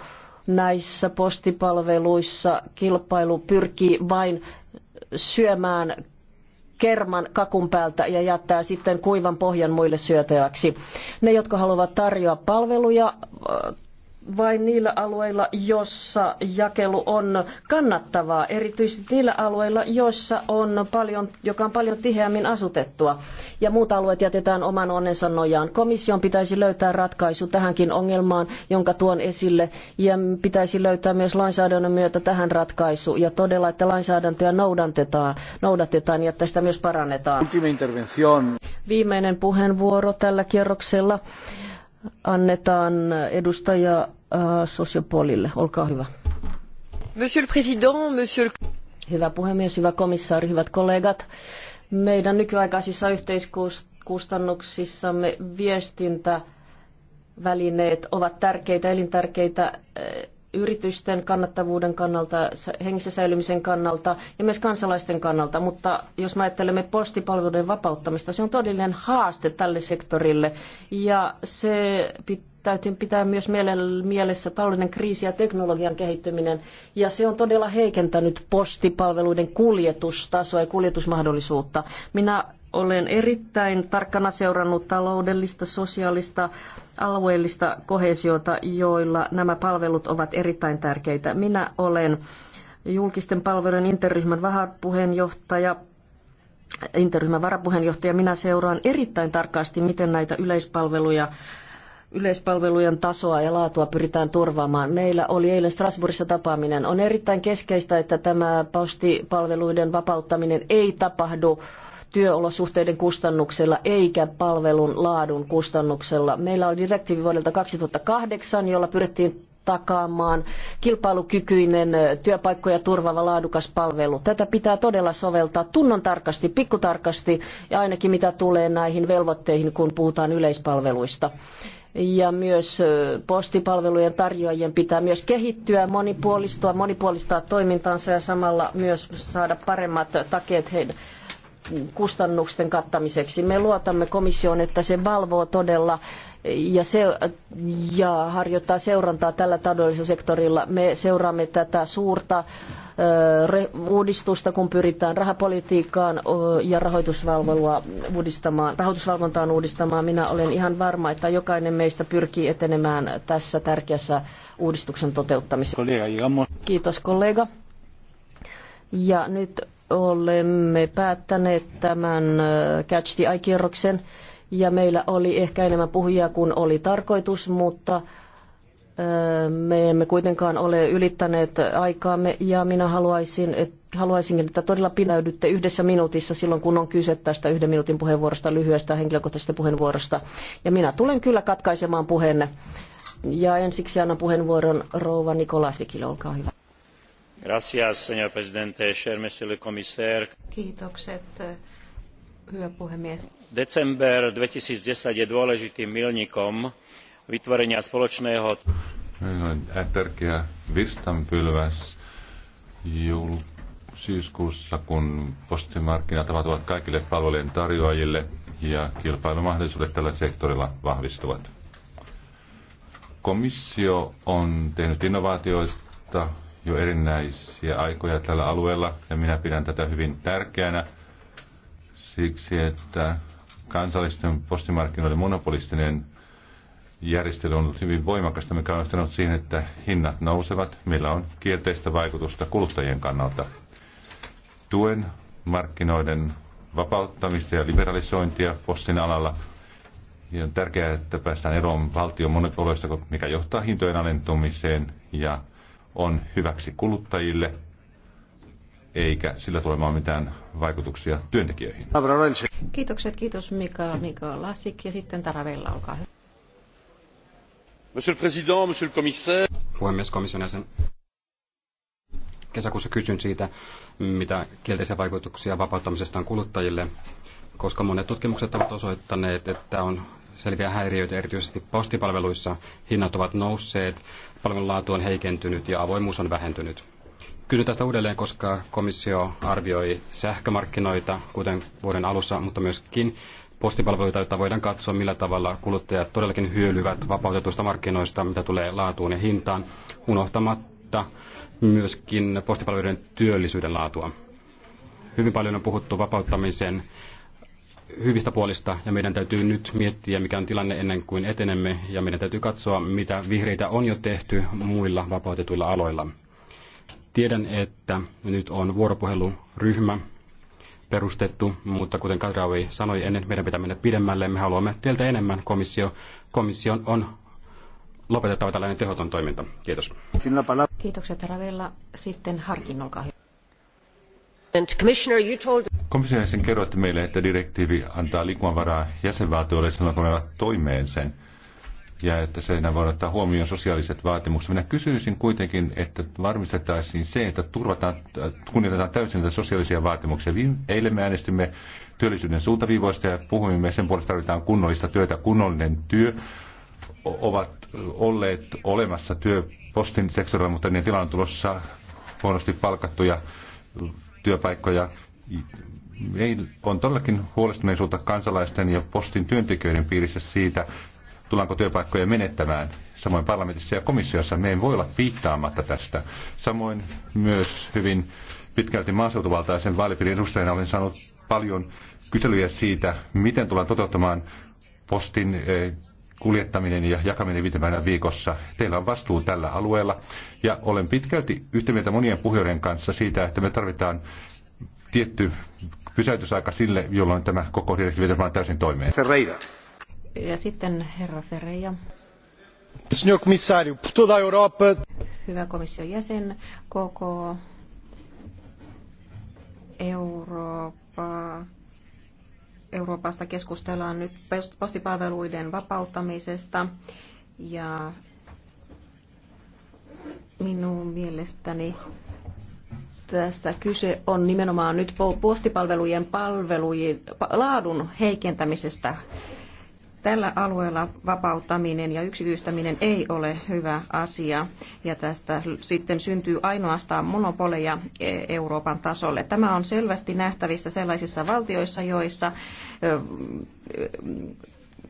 näissä postipalveluissa kilpailu pyrkii vain syömään kerman kakun päältä ja jättää sitten kuivan pohjan muille syötäväksi. Ne, jotka haluavat tarjota palveluja vain niillä alueilla, jossa jakelu on kannattavaa, erityisesti niillä alueilla, joissa on paljon, joka on paljon tiheämmin asutettua. Ja muut alueet jätetään oman onnensa nojaan. Komission pitäisi löytää ratkaisu tähänkin ongelmaan, jonka tuon esille, ja pitäisi löytää myös lainsäädännön myötä tähän ratkaisu, ja todella, että lainsäädäntöä noudatetaan, noudatetaan ja tästä sitä myös parannetaan. Viimeinen puheenvuoro tällä kierroksella annetaan edustaja äh, Sosiopolille. Olkaa hyvä. Monsieur le Président, monsieur le... Hyvä puhemies, hyvä komissaari, hyvät kollegat. Meidän nykyaikaisissa yhteiskustannuksissamme viestintävälineet ovat tärkeitä, elintärkeitä äh, yritysten kannattavuuden kannalta, hengissä säilymisen kannalta ja myös kansalaisten kannalta. Mutta jos me ajattelemme postipalveluiden vapauttamista, se on todellinen haaste tälle sektorille. Ja se täytyy pitää myös mielessä taloudellinen kriisi ja teknologian kehittyminen. Ja se on todella heikentänyt postipalveluiden kuljetustasoa ja kuljetusmahdollisuutta. Minä olen erittäin tarkkana seurannut taloudellista, sosiaalista, alueellista kohesiota, joilla nämä palvelut ovat erittäin tärkeitä. Minä olen julkisten palvelujen interryhmän varapuheenjohtaja, interryhmän varapuheenjohtaja. Minä seuraan erittäin tarkasti, miten näitä yleispalveluja yleispalvelujen tasoa ja laatua pyritään turvaamaan. Meillä oli eilen Strasbourgissa tapaaminen. On erittäin keskeistä, että tämä postipalveluiden vapauttaminen ei tapahdu työolosuhteiden kustannuksella eikä palvelun laadun kustannuksella. Meillä on direktiivi vuodelta 2008, jolla pyrittiin takaamaan kilpailukykyinen työpaikkoja turvava laadukas palvelu. Tätä pitää todella soveltaa tunnon tarkasti, pikkutarkasti ja ainakin mitä tulee näihin velvoitteihin, kun puhutaan yleispalveluista ja myös postipalvelujen tarjoajien pitää myös kehittyä, monipuolistua, monipuolistaa toimintaansa ja samalla myös saada paremmat takeet heidän kustannusten kattamiseksi. Me luotamme komissioon, että se valvoo todella ja, se, ja harjoittaa seurantaa tällä taloudellisella sektorilla. Me seuraamme tätä suurta uudistusta, kun pyritään rahapolitiikkaan ja rahoitusvalvontaa uudistamaan, rahoitusvalvontaan uudistamaan. Minä olen ihan varma, että jokainen meistä pyrkii etenemään tässä tärkeässä uudistuksen toteuttamisessa. Kiitos kollega. Ja nyt olemme päättäneet tämän äh, Catch the Eye-kierroksen ja meillä oli ehkä enemmän puhujia kuin oli tarkoitus, mutta äh, me emme kuitenkaan ole ylittäneet aikaamme ja minä haluaisin, et, haluaisinkin, että todella pidäydytte yhdessä minuutissa silloin, kun on kyse tästä yhden minuutin puheenvuorosta, lyhyestä henkilökohtaisesta puheenvuorosta. Ja minä tulen kyllä katkaisemaan puheenne. Ja ensiksi annan puheenvuoron rouva Nikola Sikilä, olkaa hyvä december two thousand and ten je dôležitým míľnikom vytvorenia spoločného syyskuussa, kun postimarkkinat avautuvat kaikille palvelujen tarjoajille ja kilpailumahdollisuudet tällä sektorilla vahvistuvat. Komissio on tehnyt innovaatioista jo erinäisiä aikoja tällä alueella ja minä pidän tätä hyvin tärkeänä siksi, että kansallisten postimarkkinoiden monopolistinen järjestely on ollut hyvin voimakasta, mikä on johtanut siihen, että hinnat nousevat, millä on kielteistä vaikutusta kuluttajien kannalta. Tuen markkinoiden vapauttamista ja liberalisointia postin alalla. Ja on tärkeää, että päästään eroon valtion monopolista, mikä johtaa hintojen alentumiseen ja on hyväksi kuluttajille, eikä sillä tule mitään vaikutuksia työntekijöihin. Kiitokset, kiitos Mika Nikolasik ja sitten Taravella, olkaa hyvä. Monsieur le Président, Monsieur le Commissaire. Puhemies, komission jäsen. Kesäkuussa kysyn siitä, mitä kielteisiä vaikutuksia vapauttamisesta on kuluttajille, koska monet tutkimukset ovat osoittaneet, että on selviä häiriöitä erityisesti postipalveluissa. Hinnat ovat nousseet, palvelun laatu on heikentynyt ja avoimuus on vähentynyt. Kysyn tästä uudelleen, koska komissio arvioi sähkömarkkinoita, kuten vuoden alussa, mutta myöskin postipalveluita, joita voidaan katsoa, millä tavalla kuluttajat todellakin hyölyvät vapautetuista markkinoista, mitä tulee laatuun ja hintaan, unohtamatta myöskin postipalveluiden työllisyyden laatua. Hyvin paljon on puhuttu vapauttamisen hyvistä puolista ja meidän täytyy nyt miettiä, mikä on tilanne ennen kuin etenemme ja meidän täytyy katsoa, mitä vihreitä on jo tehty muilla vapautetuilla aloilla. Tiedän, että nyt on vuoropuheluryhmä perustettu, mutta kuten Kadraui sanoi ennen, meidän pitää mennä pidemmälle. Me haluamme teiltä enemmän komissio. Komission on lopetettava tällainen tehoton toiminta. Kiitos. Kiitokset Ravella. Sitten Harkin, olkaa hyvä. Commissioner, you told... Komissio sen kerroitte meille, että direktiivi antaa liikkumavaraa jäsenvaltioille silloin, kun ne ovat toimeen sen ja että enää voi ottaa huomioon sosiaaliset vaatimukset. Minä kysyisin kuitenkin, että varmistettaisiin se, että turvataan, kunnioitetaan täysin näitä sosiaalisia vaatimuksia. eilen me äänestimme työllisyyden suuntaviivoista ja puhuimme sen puolesta tarvitaan kunnollista työtä. Kunnollinen työ ovat olleet olemassa työpostin sektorilla, mutta niiden tilanne on tulossa huonosti palkattuja työpaikkoja ei on todellakin huolestuneisuutta kansalaisten ja postin työntekijöiden piirissä siitä, tullaanko työpaikkoja menettämään. Samoin parlamentissa ja komissiossa me ei voi olla piittaamatta tästä. Samoin myös hyvin pitkälti maaseutuvaltaisen vaalipiirin edustajana olen saanut paljon kyselyjä siitä, miten tullaan toteuttamaan postin eh, kuljettaminen ja jakaminen viitenä viikossa. Teillä on vastuu tällä alueella ja olen pitkälti yhtä mieltä monien puheiden kanssa siitä, että me tarvitaan tietty pysäytysaika sille, jolloin tämä koko direktiivi on täysin toimeen. Ferreira. Ja sitten herra Ferreira. Signor commissario, tutta Europa... Hyvä komission jäsen, koko Eurooppa Euroopasta keskustellaan nyt postipalveluiden vapauttamisesta ja minun mielestäni tässä kyse on nimenomaan nyt postipalvelujen palvelujen, laadun heikentämisestä. Tällä alueella vapauttaminen ja yksityistäminen ei ole hyvä asia ja tästä sitten syntyy ainoastaan monopoleja e- Euroopan tasolle. Tämä on selvästi nähtävissä sellaisissa valtioissa, joissa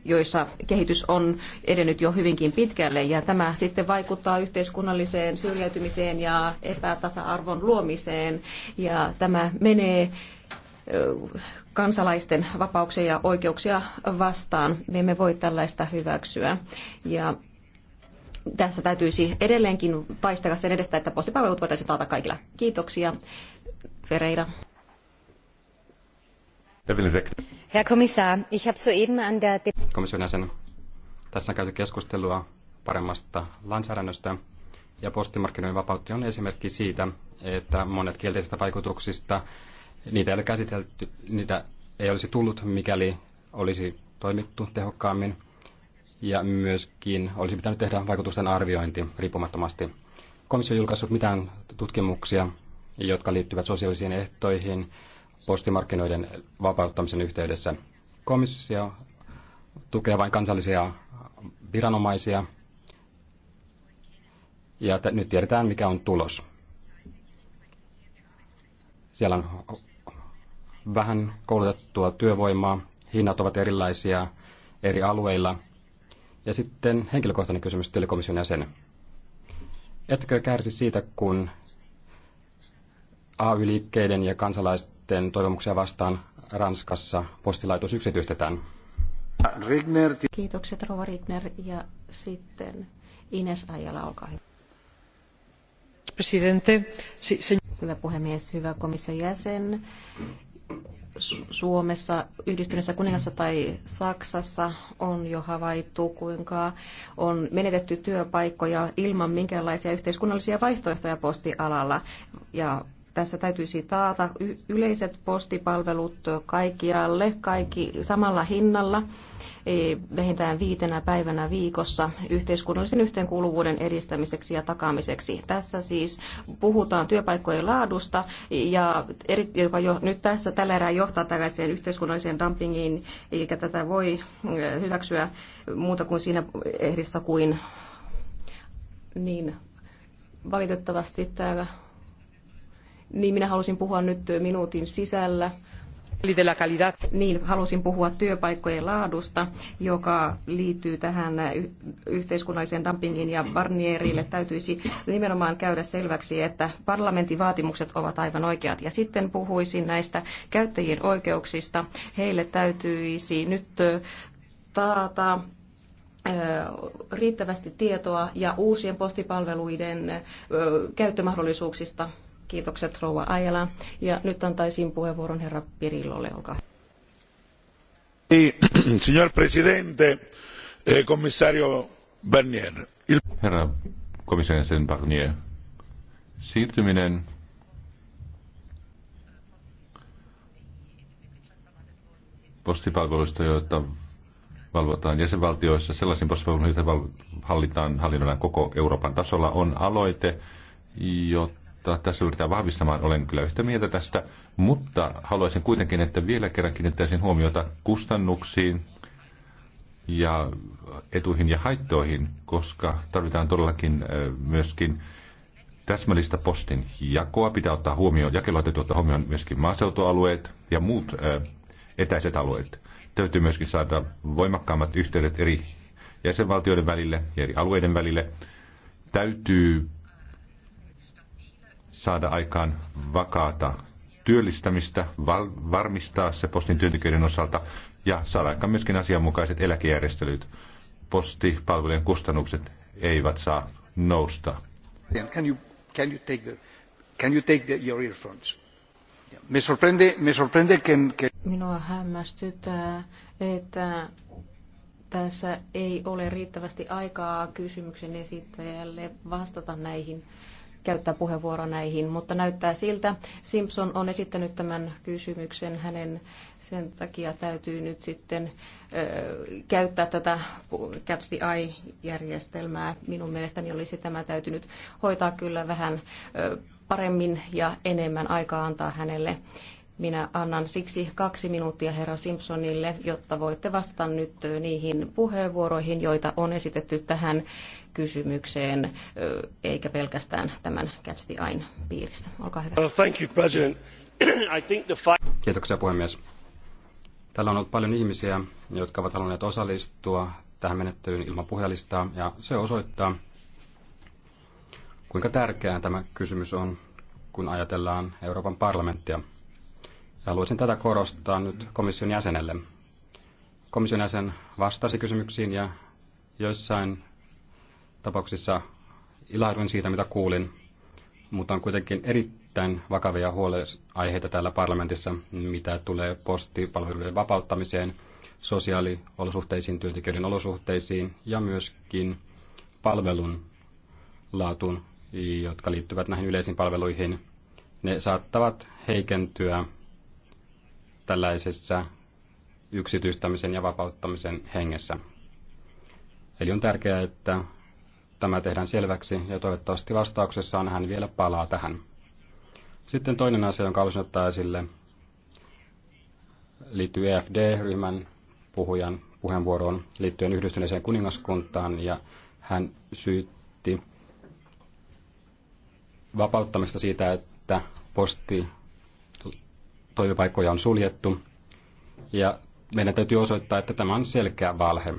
joissa kehitys on edennyt jo hyvinkin pitkälle ja tämä sitten vaikuttaa yhteiskunnalliseen syrjäytymiseen ja epätasa-arvon luomiseen ja tämä menee kansalaisten vapauksia ja oikeuksia vastaan. Me emme voi tällaista hyväksyä. Ja tässä täytyisi edelleenkin taistella sen edestä, että postipalvelut voitaisiin taata kaikilla. Kiitoksia. Ferreira. Herr Kommissar, ich habe soeben an der... Komission jäsen, tässä on käyty keskustelua paremmasta lainsäädännöstä ja postimarkkinoiden vapautti on esimerkki siitä, että monet kielteisistä vaikutuksista, niitä ei ole käsitelty, niitä ei olisi tullut, mikäli olisi toimittu tehokkaammin ja myöskin olisi pitänyt tehdä vaikutusten arviointi riippumattomasti. Komissio ei julkaissut mitään tutkimuksia, jotka liittyvät sosiaalisiin ehtoihin, postimarkkinoiden vapauttamisen yhteydessä. Komissio tukee vain kansallisia viranomaisia ja nyt tiedetään, mikä on tulos. Siellä on vähän koulutettua työvoimaa, hinnat ovat erilaisia eri alueilla. Ja sitten henkilökohtainen kysymys telekomission jäsen. Etkö kärsi siitä, kun AY-liikkeiden ja kansalaisten toivomuksia vastaan Ranskassa postilaitos yksityistetään. Rigner. Kiitokset Rova Rigner ja sitten Ines Ajala, olkaa hyvä. Presidente. Si, se... Hyvä puhemies, hyvä komission jäsen. Suomessa, yhdistyneessä kuningassa tai Saksassa on jo havaittu, kuinka on menetetty työpaikkoja ilman minkäänlaisia yhteiskunnallisia vaihtoehtoja postialalla. Ja tässä täytyisi taata yleiset postipalvelut kaikkialle, kaikki samalla hinnalla e, vähintään viitenä päivänä viikossa yhteiskunnallisen yhteenkuuluvuuden edistämiseksi ja takaamiseksi. Tässä siis puhutaan työpaikkojen laadusta, ja eri, joka jo, nyt tässä tällä erää johtaa tällaiseen yhteiskunnalliseen dumpingiin, eli tätä voi e, hyväksyä muuta kuin siinä ehdissä kuin niin valitettavasti täällä niin minä halusin puhua nyt minuutin sisällä. Niin, halusin puhua työpaikkojen laadusta, joka liittyy tähän yhteiskunnalliseen dumpingin ja Barnierille täytyisi nimenomaan käydä selväksi, että parlamentin vaatimukset ovat aivan oikeat. Ja sitten puhuisin näistä käyttäjien oikeuksista. Heille täytyisi nyt taata riittävästi tietoa ja uusien postipalveluiden käyttömahdollisuuksista Kiitokset rouva Ajala. Ja nyt antaisin puheenvuoron herra Pirillolle, olkaa Signor Presidente, komissario eh, Barnier. Herra komissaari Barnier, siirtyminen postipalveluista, joita valvotaan jäsenvaltioissa, sellaisiin postipalveluihin, joita hallitaan hallinnoidaan koko Euroopan tasolla, on aloite, jota jota tässä yritetään vahvistamaan, olen kyllä yhtä mieltä tästä, mutta haluaisin kuitenkin, että vielä kerran kiinnittäisin huomiota kustannuksiin ja etuihin ja haittoihin, koska tarvitaan todellakin myöskin täsmällistä postin jakoa. Pitää ottaa huomioon, jakelua ottaa huomioon myöskin maaseutualueet ja muut etäiset alueet. Täytyy myöskin saada voimakkaammat yhteydet eri jäsenvaltioiden välille ja eri alueiden välille. Täytyy saada aikaan vakaata työllistämistä, val- varmistaa se postin työntekijöiden osalta ja saada aikaan myöskin asianmukaiset eläkejärjestelyt. Postipalvelujen kustannukset eivät saa nousta. Can you, can you take the, can you take the, your earphones? Me sorprende, me sorprende que, que... Minua hämmästyttää, että tässä ei ole riittävästi aikaa kysymyksen esittäjälle vastata näihin käyttää puheenvuoroa näihin, mutta näyttää siltä. Simpson on esittänyt tämän kysymyksen. Hänen sen takia täytyy nyt sitten käyttää tätä Catch the Eye-järjestelmää. Minun mielestäni olisi tämä täytynyt hoitaa kyllä vähän paremmin ja enemmän aikaa antaa hänelle. Minä annan siksi kaksi minuuttia herra Simpsonille, jotta voitte vastata nyt niihin puheenvuoroihin, joita on esitetty tähän kysymykseen, eikä pelkästään tämän Catch the Eye piirissä. Olkaa hyvä. Thank you, President. I think the fight... Kiitoksia puhemies. Täällä on ollut paljon ihmisiä, jotka ovat halunneet osallistua tähän menettelyyn ilman puhelistaa, ja se osoittaa, kuinka tärkeää tämä kysymys on, kun ajatellaan Euroopan parlamenttia. Ja haluaisin tätä korostaa nyt komission jäsenelle. Komission jäsen vastasi kysymyksiin ja joissain tapauksissa ilahduin siitä, mitä kuulin, mutta on kuitenkin erittäin vakavia huolenaiheita täällä parlamentissa, mitä tulee postipalveluiden vapauttamiseen, sosiaaliolosuhteisiin, työntekijöiden olosuhteisiin ja myöskin palvelun laatuun, jotka liittyvät näihin yleisiin palveluihin. Ne saattavat heikentyä tällaisessa yksityistämisen ja vapauttamisen hengessä. Eli on tärkeää, että Tämä tehdään selväksi ja toivottavasti vastauksessaan hän vielä palaa tähän. Sitten toinen asia, jonka haluaisin ottaa esille, liittyy EFD-ryhmän puhujan puheenvuoroon liittyen yhdistyneeseen kuningaskuntaan ja hän syytti vapauttamista siitä, että posti toimipaikkoja on suljettu ja meidän täytyy osoittaa, että tämä on selkeä valhe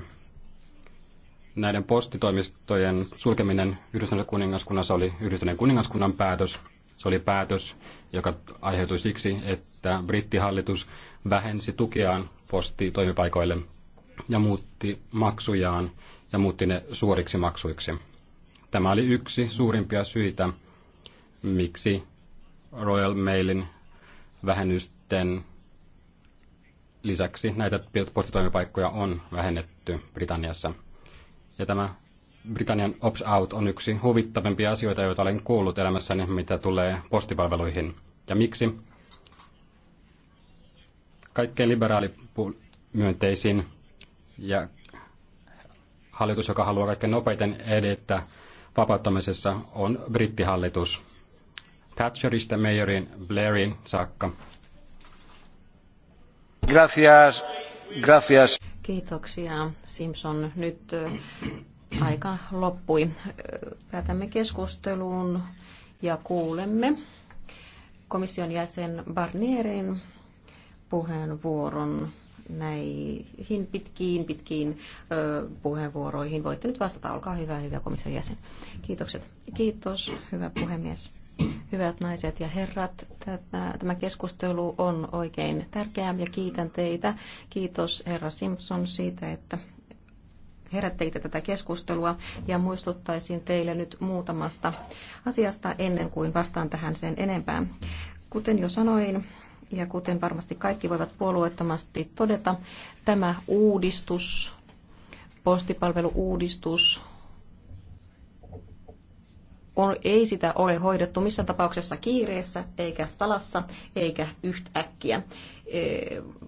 näiden postitoimistojen sulkeminen Yhdistyneen kuningaskunnassa oli Yhdistyneen kuningaskunnan päätös. Se oli päätös, joka aiheutui siksi, että brittihallitus vähensi tukeaan postitoimipaikoille ja muutti maksujaan ja muutti ne suoriksi maksuiksi. Tämä oli yksi suurimpia syitä, miksi Royal Mailin vähennysten lisäksi näitä postitoimipaikkoja on vähennetty Britanniassa. Ja tämä Britannian Ops out on yksi huvittavimpia asioita, joita olen kuullut elämässäni, mitä tulee postipalveluihin. Ja miksi? Kaikkein liberaalimyönteisin ja hallitus, joka haluaa kaikkein nopeiten edetä vapauttamisessa, on brittihallitus. Thatcherista Mayorin Blairin saakka. Gracias. Gracias. Kiitoksia Simpson. Nyt aika loppui. Päätämme keskusteluun ja kuulemme komission jäsen Barnierin puheenvuoron näihin pitkiin, pitkiin ö, puheenvuoroihin. Voitte nyt vastata, olkaa hyvä, hyvä komission jäsen. Kiitokset. Kiitos, hyvä puhemies. Hyvät naiset ja herrat, tämä keskustelu on oikein tärkeä ja kiitän teitä. Kiitos herra Simpson siitä, että herättelitte tätä keskustelua ja muistuttaisin teille nyt muutamasta asiasta ennen kuin vastaan tähän sen enempää. Kuten jo sanoin, ja kuten varmasti kaikki voivat puolueettomasti todeta, tämä uudistus, postipalveluuudistus kun ei sitä ole hoidettu missään tapauksessa kiireessä, eikä salassa, eikä yhtäkkiä, e,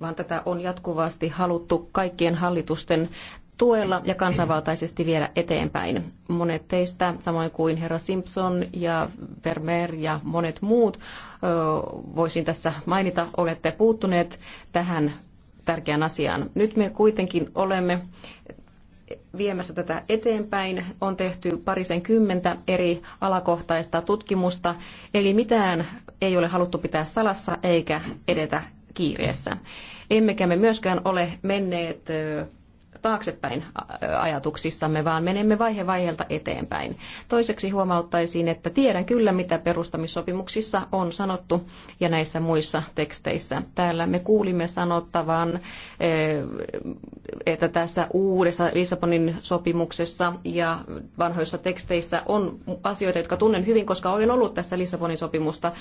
vaan tätä on jatkuvasti haluttu kaikkien hallitusten tuella ja kansanvaltaisesti viedä eteenpäin. Monet teistä, samoin kuin herra Simpson ja Vermeer ja monet muut, voisin tässä mainita, olette puuttuneet tähän tärkeään asiaan. Nyt me kuitenkin olemme viemässä tätä eteenpäin. On tehty parisen kymmentä eri alakohtaista tutkimusta, eli mitään ei ole haluttu pitää salassa eikä edetä kiireessä. Emmekä me myöskään ole menneet taaksepäin ajatuksissamme, vaan menemme vaihe vaiheelta eteenpäin. Toiseksi huomauttaisin, että tiedän kyllä, mitä perustamissopimuksissa on sanottu ja näissä muissa teksteissä. Täällä me kuulimme sanottavan, että tässä uudessa Lissabonin sopimuksessa ja vanhoissa teksteissä on asioita, jotka tunnen hyvin, koska olen ollut tässä Lissabonin sopimusta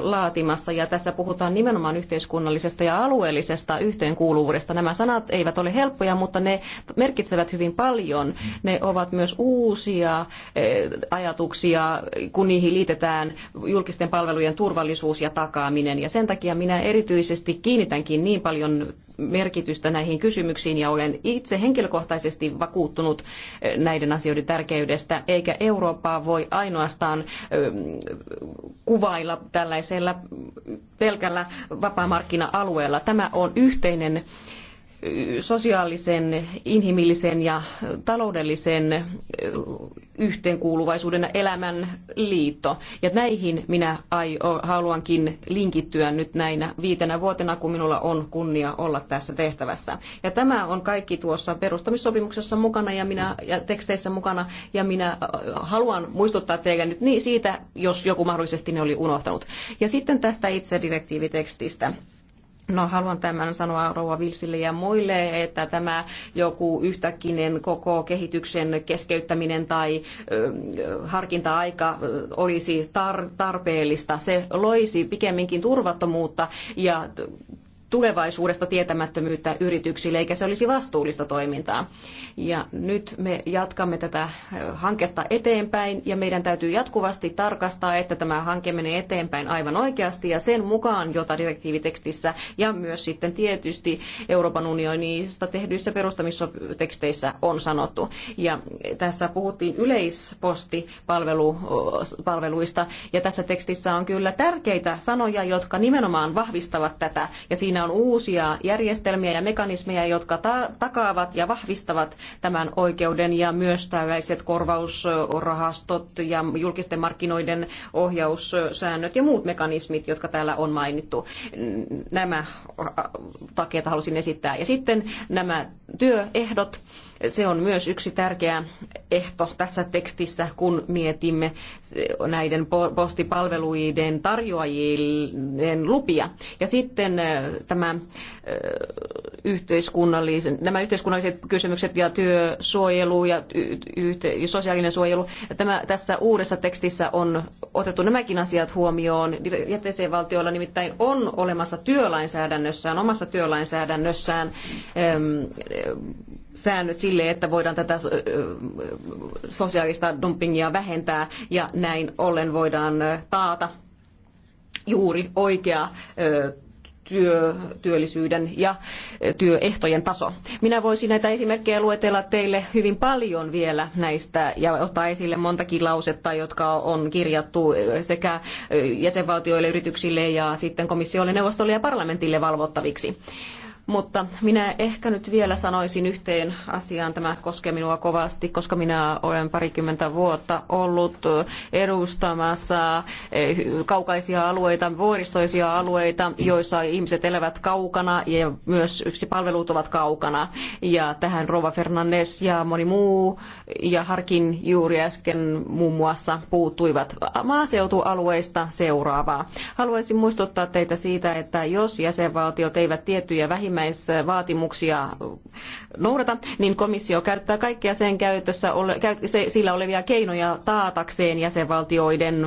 laatimassa ja tässä puhutaan nimenomaan yhteiskunnallisesta ja alueellisesta yhteenkuuluvuudesta. Nämä sanat eivät ole helppoja, mutta ne merkitsevät hyvin paljon. Ne ovat myös uusia eh, ajatuksia, kun niihin liitetään julkisten palvelujen turvallisuus ja takaaminen. Ja sen takia minä erityisesti kiinnitänkin niin paljon merkitystä näihin kysymyksiin ja olen itse henkilökohtaisesti vakuuttunut eh, näiden asioiden tärkeydestä, eikä Eurooppaa voi ainoastaan eh, kuvailla tällaisella pelkällä vapaamarkkina-alueella. Tämä on yhteinen sosiaalisen, inhimillisen ja taloudellisen yhteenkuuluvaisuuden elämän liitto. Ja näihin minä haluankin linkittyä nyt näinä viitenä vuotena, kun minulla on kunnia olla tässä tehtävässä. Ja tämä on kaikki tuossa perustamissopimuksessa mukana ja, minä, ja teksteissä mukana, ja minä haluan muistuttaa teitä nyt niin siitä, jos joku mahdollisesti ne oli unohtanut. Ja sitten tästä itse direktiivitekstistä No haluan tämän sanoa Rouva Vilsille ja muille, että tämä joku yhtäkkinen koko kehityksen keskeyttäminen tai ö, harkinta-aika olisi tar- tarpeellista. Se loisi pikemminkin turvattomuutta ja tulevaisuudesta tietämättömyyttä yrityksille, eikä se olisi vastuullista toimintaa. Ja nyt me jatkamme tätä äh, hanketta eteenpäin ja meidän täytyy jatkuvasti tarkastaa, että tämä hanke menee eteenpäin aivan oikeasti ja sen mukaan, jota direktiivitekstissä ja myös sitten tietysti Euroopan unionista tehdyissä perustamisteksteissä on sanottu. Ja tässä puhuttiin yleispostipalveluista äh, ja tässä tekstissä on kyllä tärkeitä sanoja, jotka nimenomaan vahvistavat tätä ja siinä siinä on uusia järjestelmiä ja mekanismeja, jotka ta- takaavat ja vahvistavat tämän oikeuden ja myös tällaiset korvausrahastot ja julkisten markkinoiden ohjaussäännöt ja muut mekanismit, jotka täällä on mainittu. Nämä takia halusin esittää. Ja sitten nämä työehdot se on myös yksi tärkeä ehto tässä tekstissä, kun mietimme näiden postipalveluiden tarjoajien lupia. Ja sitten tämä yhteiskunnallisen, nämä yhteiskunnalliset kysymykset ja työsuojelu ja yhte, sosiaalinen suojelu. Tämä, tässä uudessa tekstissä on otettu nämäkin asiat huomioon. Jätesevaltioilla nimittäin on olemassa työlainsäädännössään, omassa työlainsäädännössään säännöt sille, että voidaan tätä sosiaalista dumpingia vähentää ja näin ollen voidaan taata juuri oikea työ, työllisyyden ja työehtojen taso. Minä voisin näitä esimerkkejä luetella teille hyvin paljon vielä näistä ja ottaa esille montakin lausetta, jotka on kirjattu sekä jäsenvaltioille, yrityksille ja sitten komissiolle, neuvostolle ja parlamentille valvottaviksi. Mutta minä ehkä nyt vielä sanoisin yhteen asiaan, tämä koskee minua kovasti, koska minä olen parikymmentä vuotta ollut edustamassa eh, kaukaisia alueita, vuoristoisia alueita, joissa ihmiset elävät kaukana ja myös yksi palvelut ovat kaukana. Ja tähän Rova Fernandes ja moni muu ja Harkin juuri äsken muun muassa puuttuivat maaseutualueista seuraavaa. Haluaisin muistuttaa teitä siitä, että jos jäsenvaltiot eivät tiettyjä vähimmä vähimmäisvaatimuksia noudata, niin komissio käyttää kaikkia sen käytössä ole, sillä olevia keinoja taatakseen jäsenvaltioiden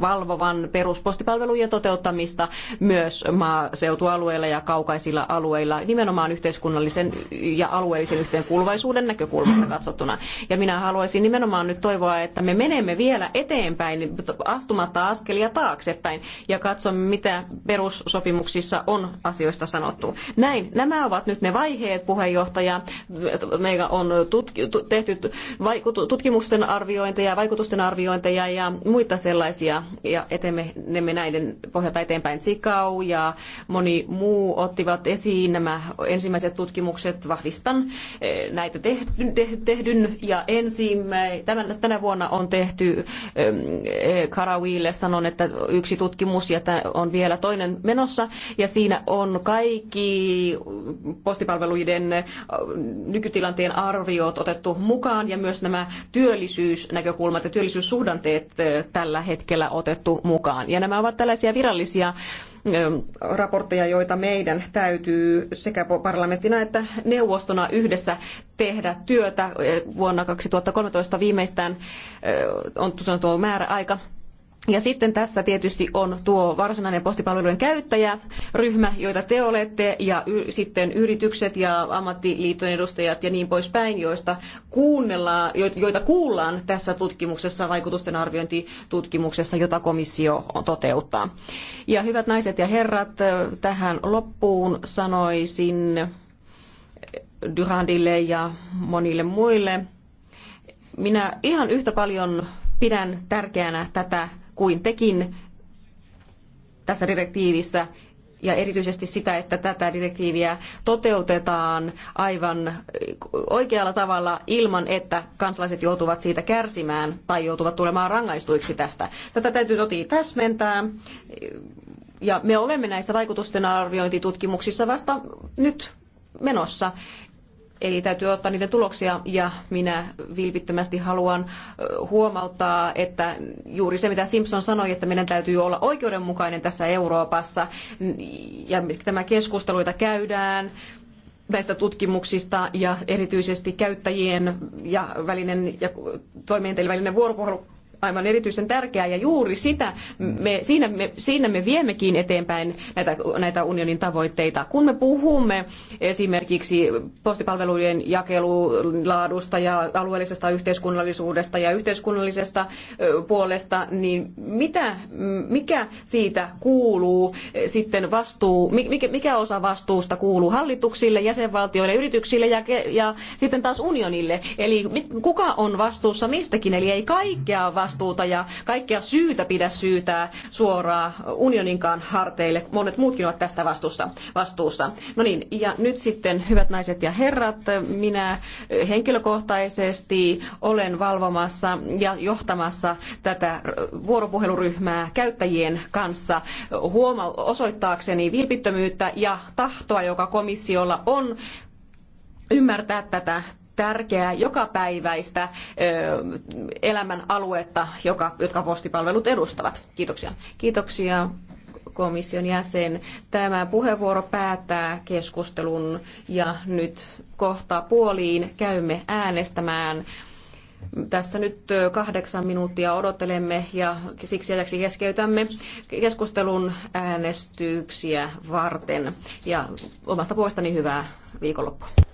valvovan peruspostipalvelujen toteuttamista myös maaseutualueilla ja kaukaisilla alueilla, nimenomaan yhteiskunnallisen ja alueellisen yhteenkuuluvaisuuden näkökulmasta katsottuna. Ja minä haluaisin nimenomaan nyt toivoa, että me menemme vielä eteenpäin astumatta askelia taaksepäin ja katsomme, mitä perussopimuksissa on asioista sanottu. Näin Nämä ovat nyt ne vaiheet, puheenjohtaja. Meillä on tehty tutkimusten arviointeja, vaikutusten arviointeja ja muita sellaisia, ja etenemme näiden pohjalta eteenpäin. Sikau ja moni muu ottivat esiin nämä ensimmäiset tutkimukset. Vahvistan eh, näitä tehdyn ja ensimmäinen. Tänä vuonna on tehty eh, Karawiille sanon, että yksi tutkimus ja on vielä toinen menossa ja siinä on kaikki postipalveluiden nykytilanteen arviot otettu mukaan ja myös nämä työllisyysnäkökulmat ja työllisyyssuhdanteet tällä hetkellä otettu mukaan. Ja nämä ovat tällaisia virallisia raportteja, joita meidän täytyy sekä parlamenttina että neuvostona yhdessä tehdä työtä. Vuonna 2013 viimeistään on tuo määräaika ja sitten tässä tietysti on tuo varsinainen postipalvelujen käyttäjäryhmä, joita te olette, ja sitten yritykset ja ammattiliiton edustajat ja niin poispäin, joista kuunnellaan, joita kuullaan tässä tutkimuksessa, vaikutusten arviointitutkimuksessa, jota komissio toteuttaa. Ja hyvät naiset ja herrat, tähän loppuun sanoisin Durandille ja monille muille. Minä ihan yhtä paljon pidän tärkeänä tätä kuin tekin tässä direktiivissä ja erityisesti sitä, että tätä direktiiviä toteutetaan aivan oikealla tavalla ilman, että kansalaiset joutuvat siitä kärsimään tai joutuvat tulemaan rangaistuiksi tästä. Tätä täytyy toki täsmentää. Ja me olemme näissä vaikutusten arviointitutkimuksissa vasta nyt menossa. Eli täytyy ottaa niiden tuloksia ja minä vilpittömästi haluan huomauttaa, että juuri se mitä Simpson sanoi, että meidän täytyy olla oikeudenmukainen tässä Euroopassa ja tämä keskustelu, jota käydään, näistä tutkimuksista ja erityisesti käyttäjien ja välinen ja toimijoiden välinen vuoropuhelu aivan erityisen tärkeää ja juuri sitä me, siinä, me, siinä me viemmekin eteenpäin näitä, näitä unionin tavoitteita. Kun me puhumme esimerkiksi postipalvelujen jakelun laadusta ja alueellisesta yhteiskunnallisuudesta ja yhteiskunnallisesta puolesta, niin mitä, mikä siitä kuuluu e, sitten vastuu, mikä, mikä osa vastuusta kuuluu hallituksille, jäsenvaltioille, yrityksille ja, ja sitten taas unionille? Eli kuka on vastuussa mistäkin? Eli ei kaikkea vastuu vastuuta ja kaikkea syytä pidä syytää suoraan unioninkaan harteille. Monet muutkin ovat tästä vastuussa. vastuussa. No niin, ja nyt sitten hyvät naiset ja herrat, minä henkilökohtaisesti olen valvomassa ja johtamassa tätä vuoropuheluryhmää käyttäjien kanssa huoma- osoittaakseni vilpittömyyttä ja tahtoa, joka komissiolla on ymmärtää tätä tärkeää jokapäiväistä elämän aluetta, joka, jotka postipalvelut edustavat. Kiitoksia. Kiitoksia komission jäsen. Tämä puheenvuoro päättää keskustelun ja nyt kohta puoliin käymme äänestämään. Tässä nyt kahdeksan minuuttia odottelemme ja siksi ajaksi keskeytämme keskustelun äänestyksiä varten. Ja omasta puolestani hyvää viikonloppua.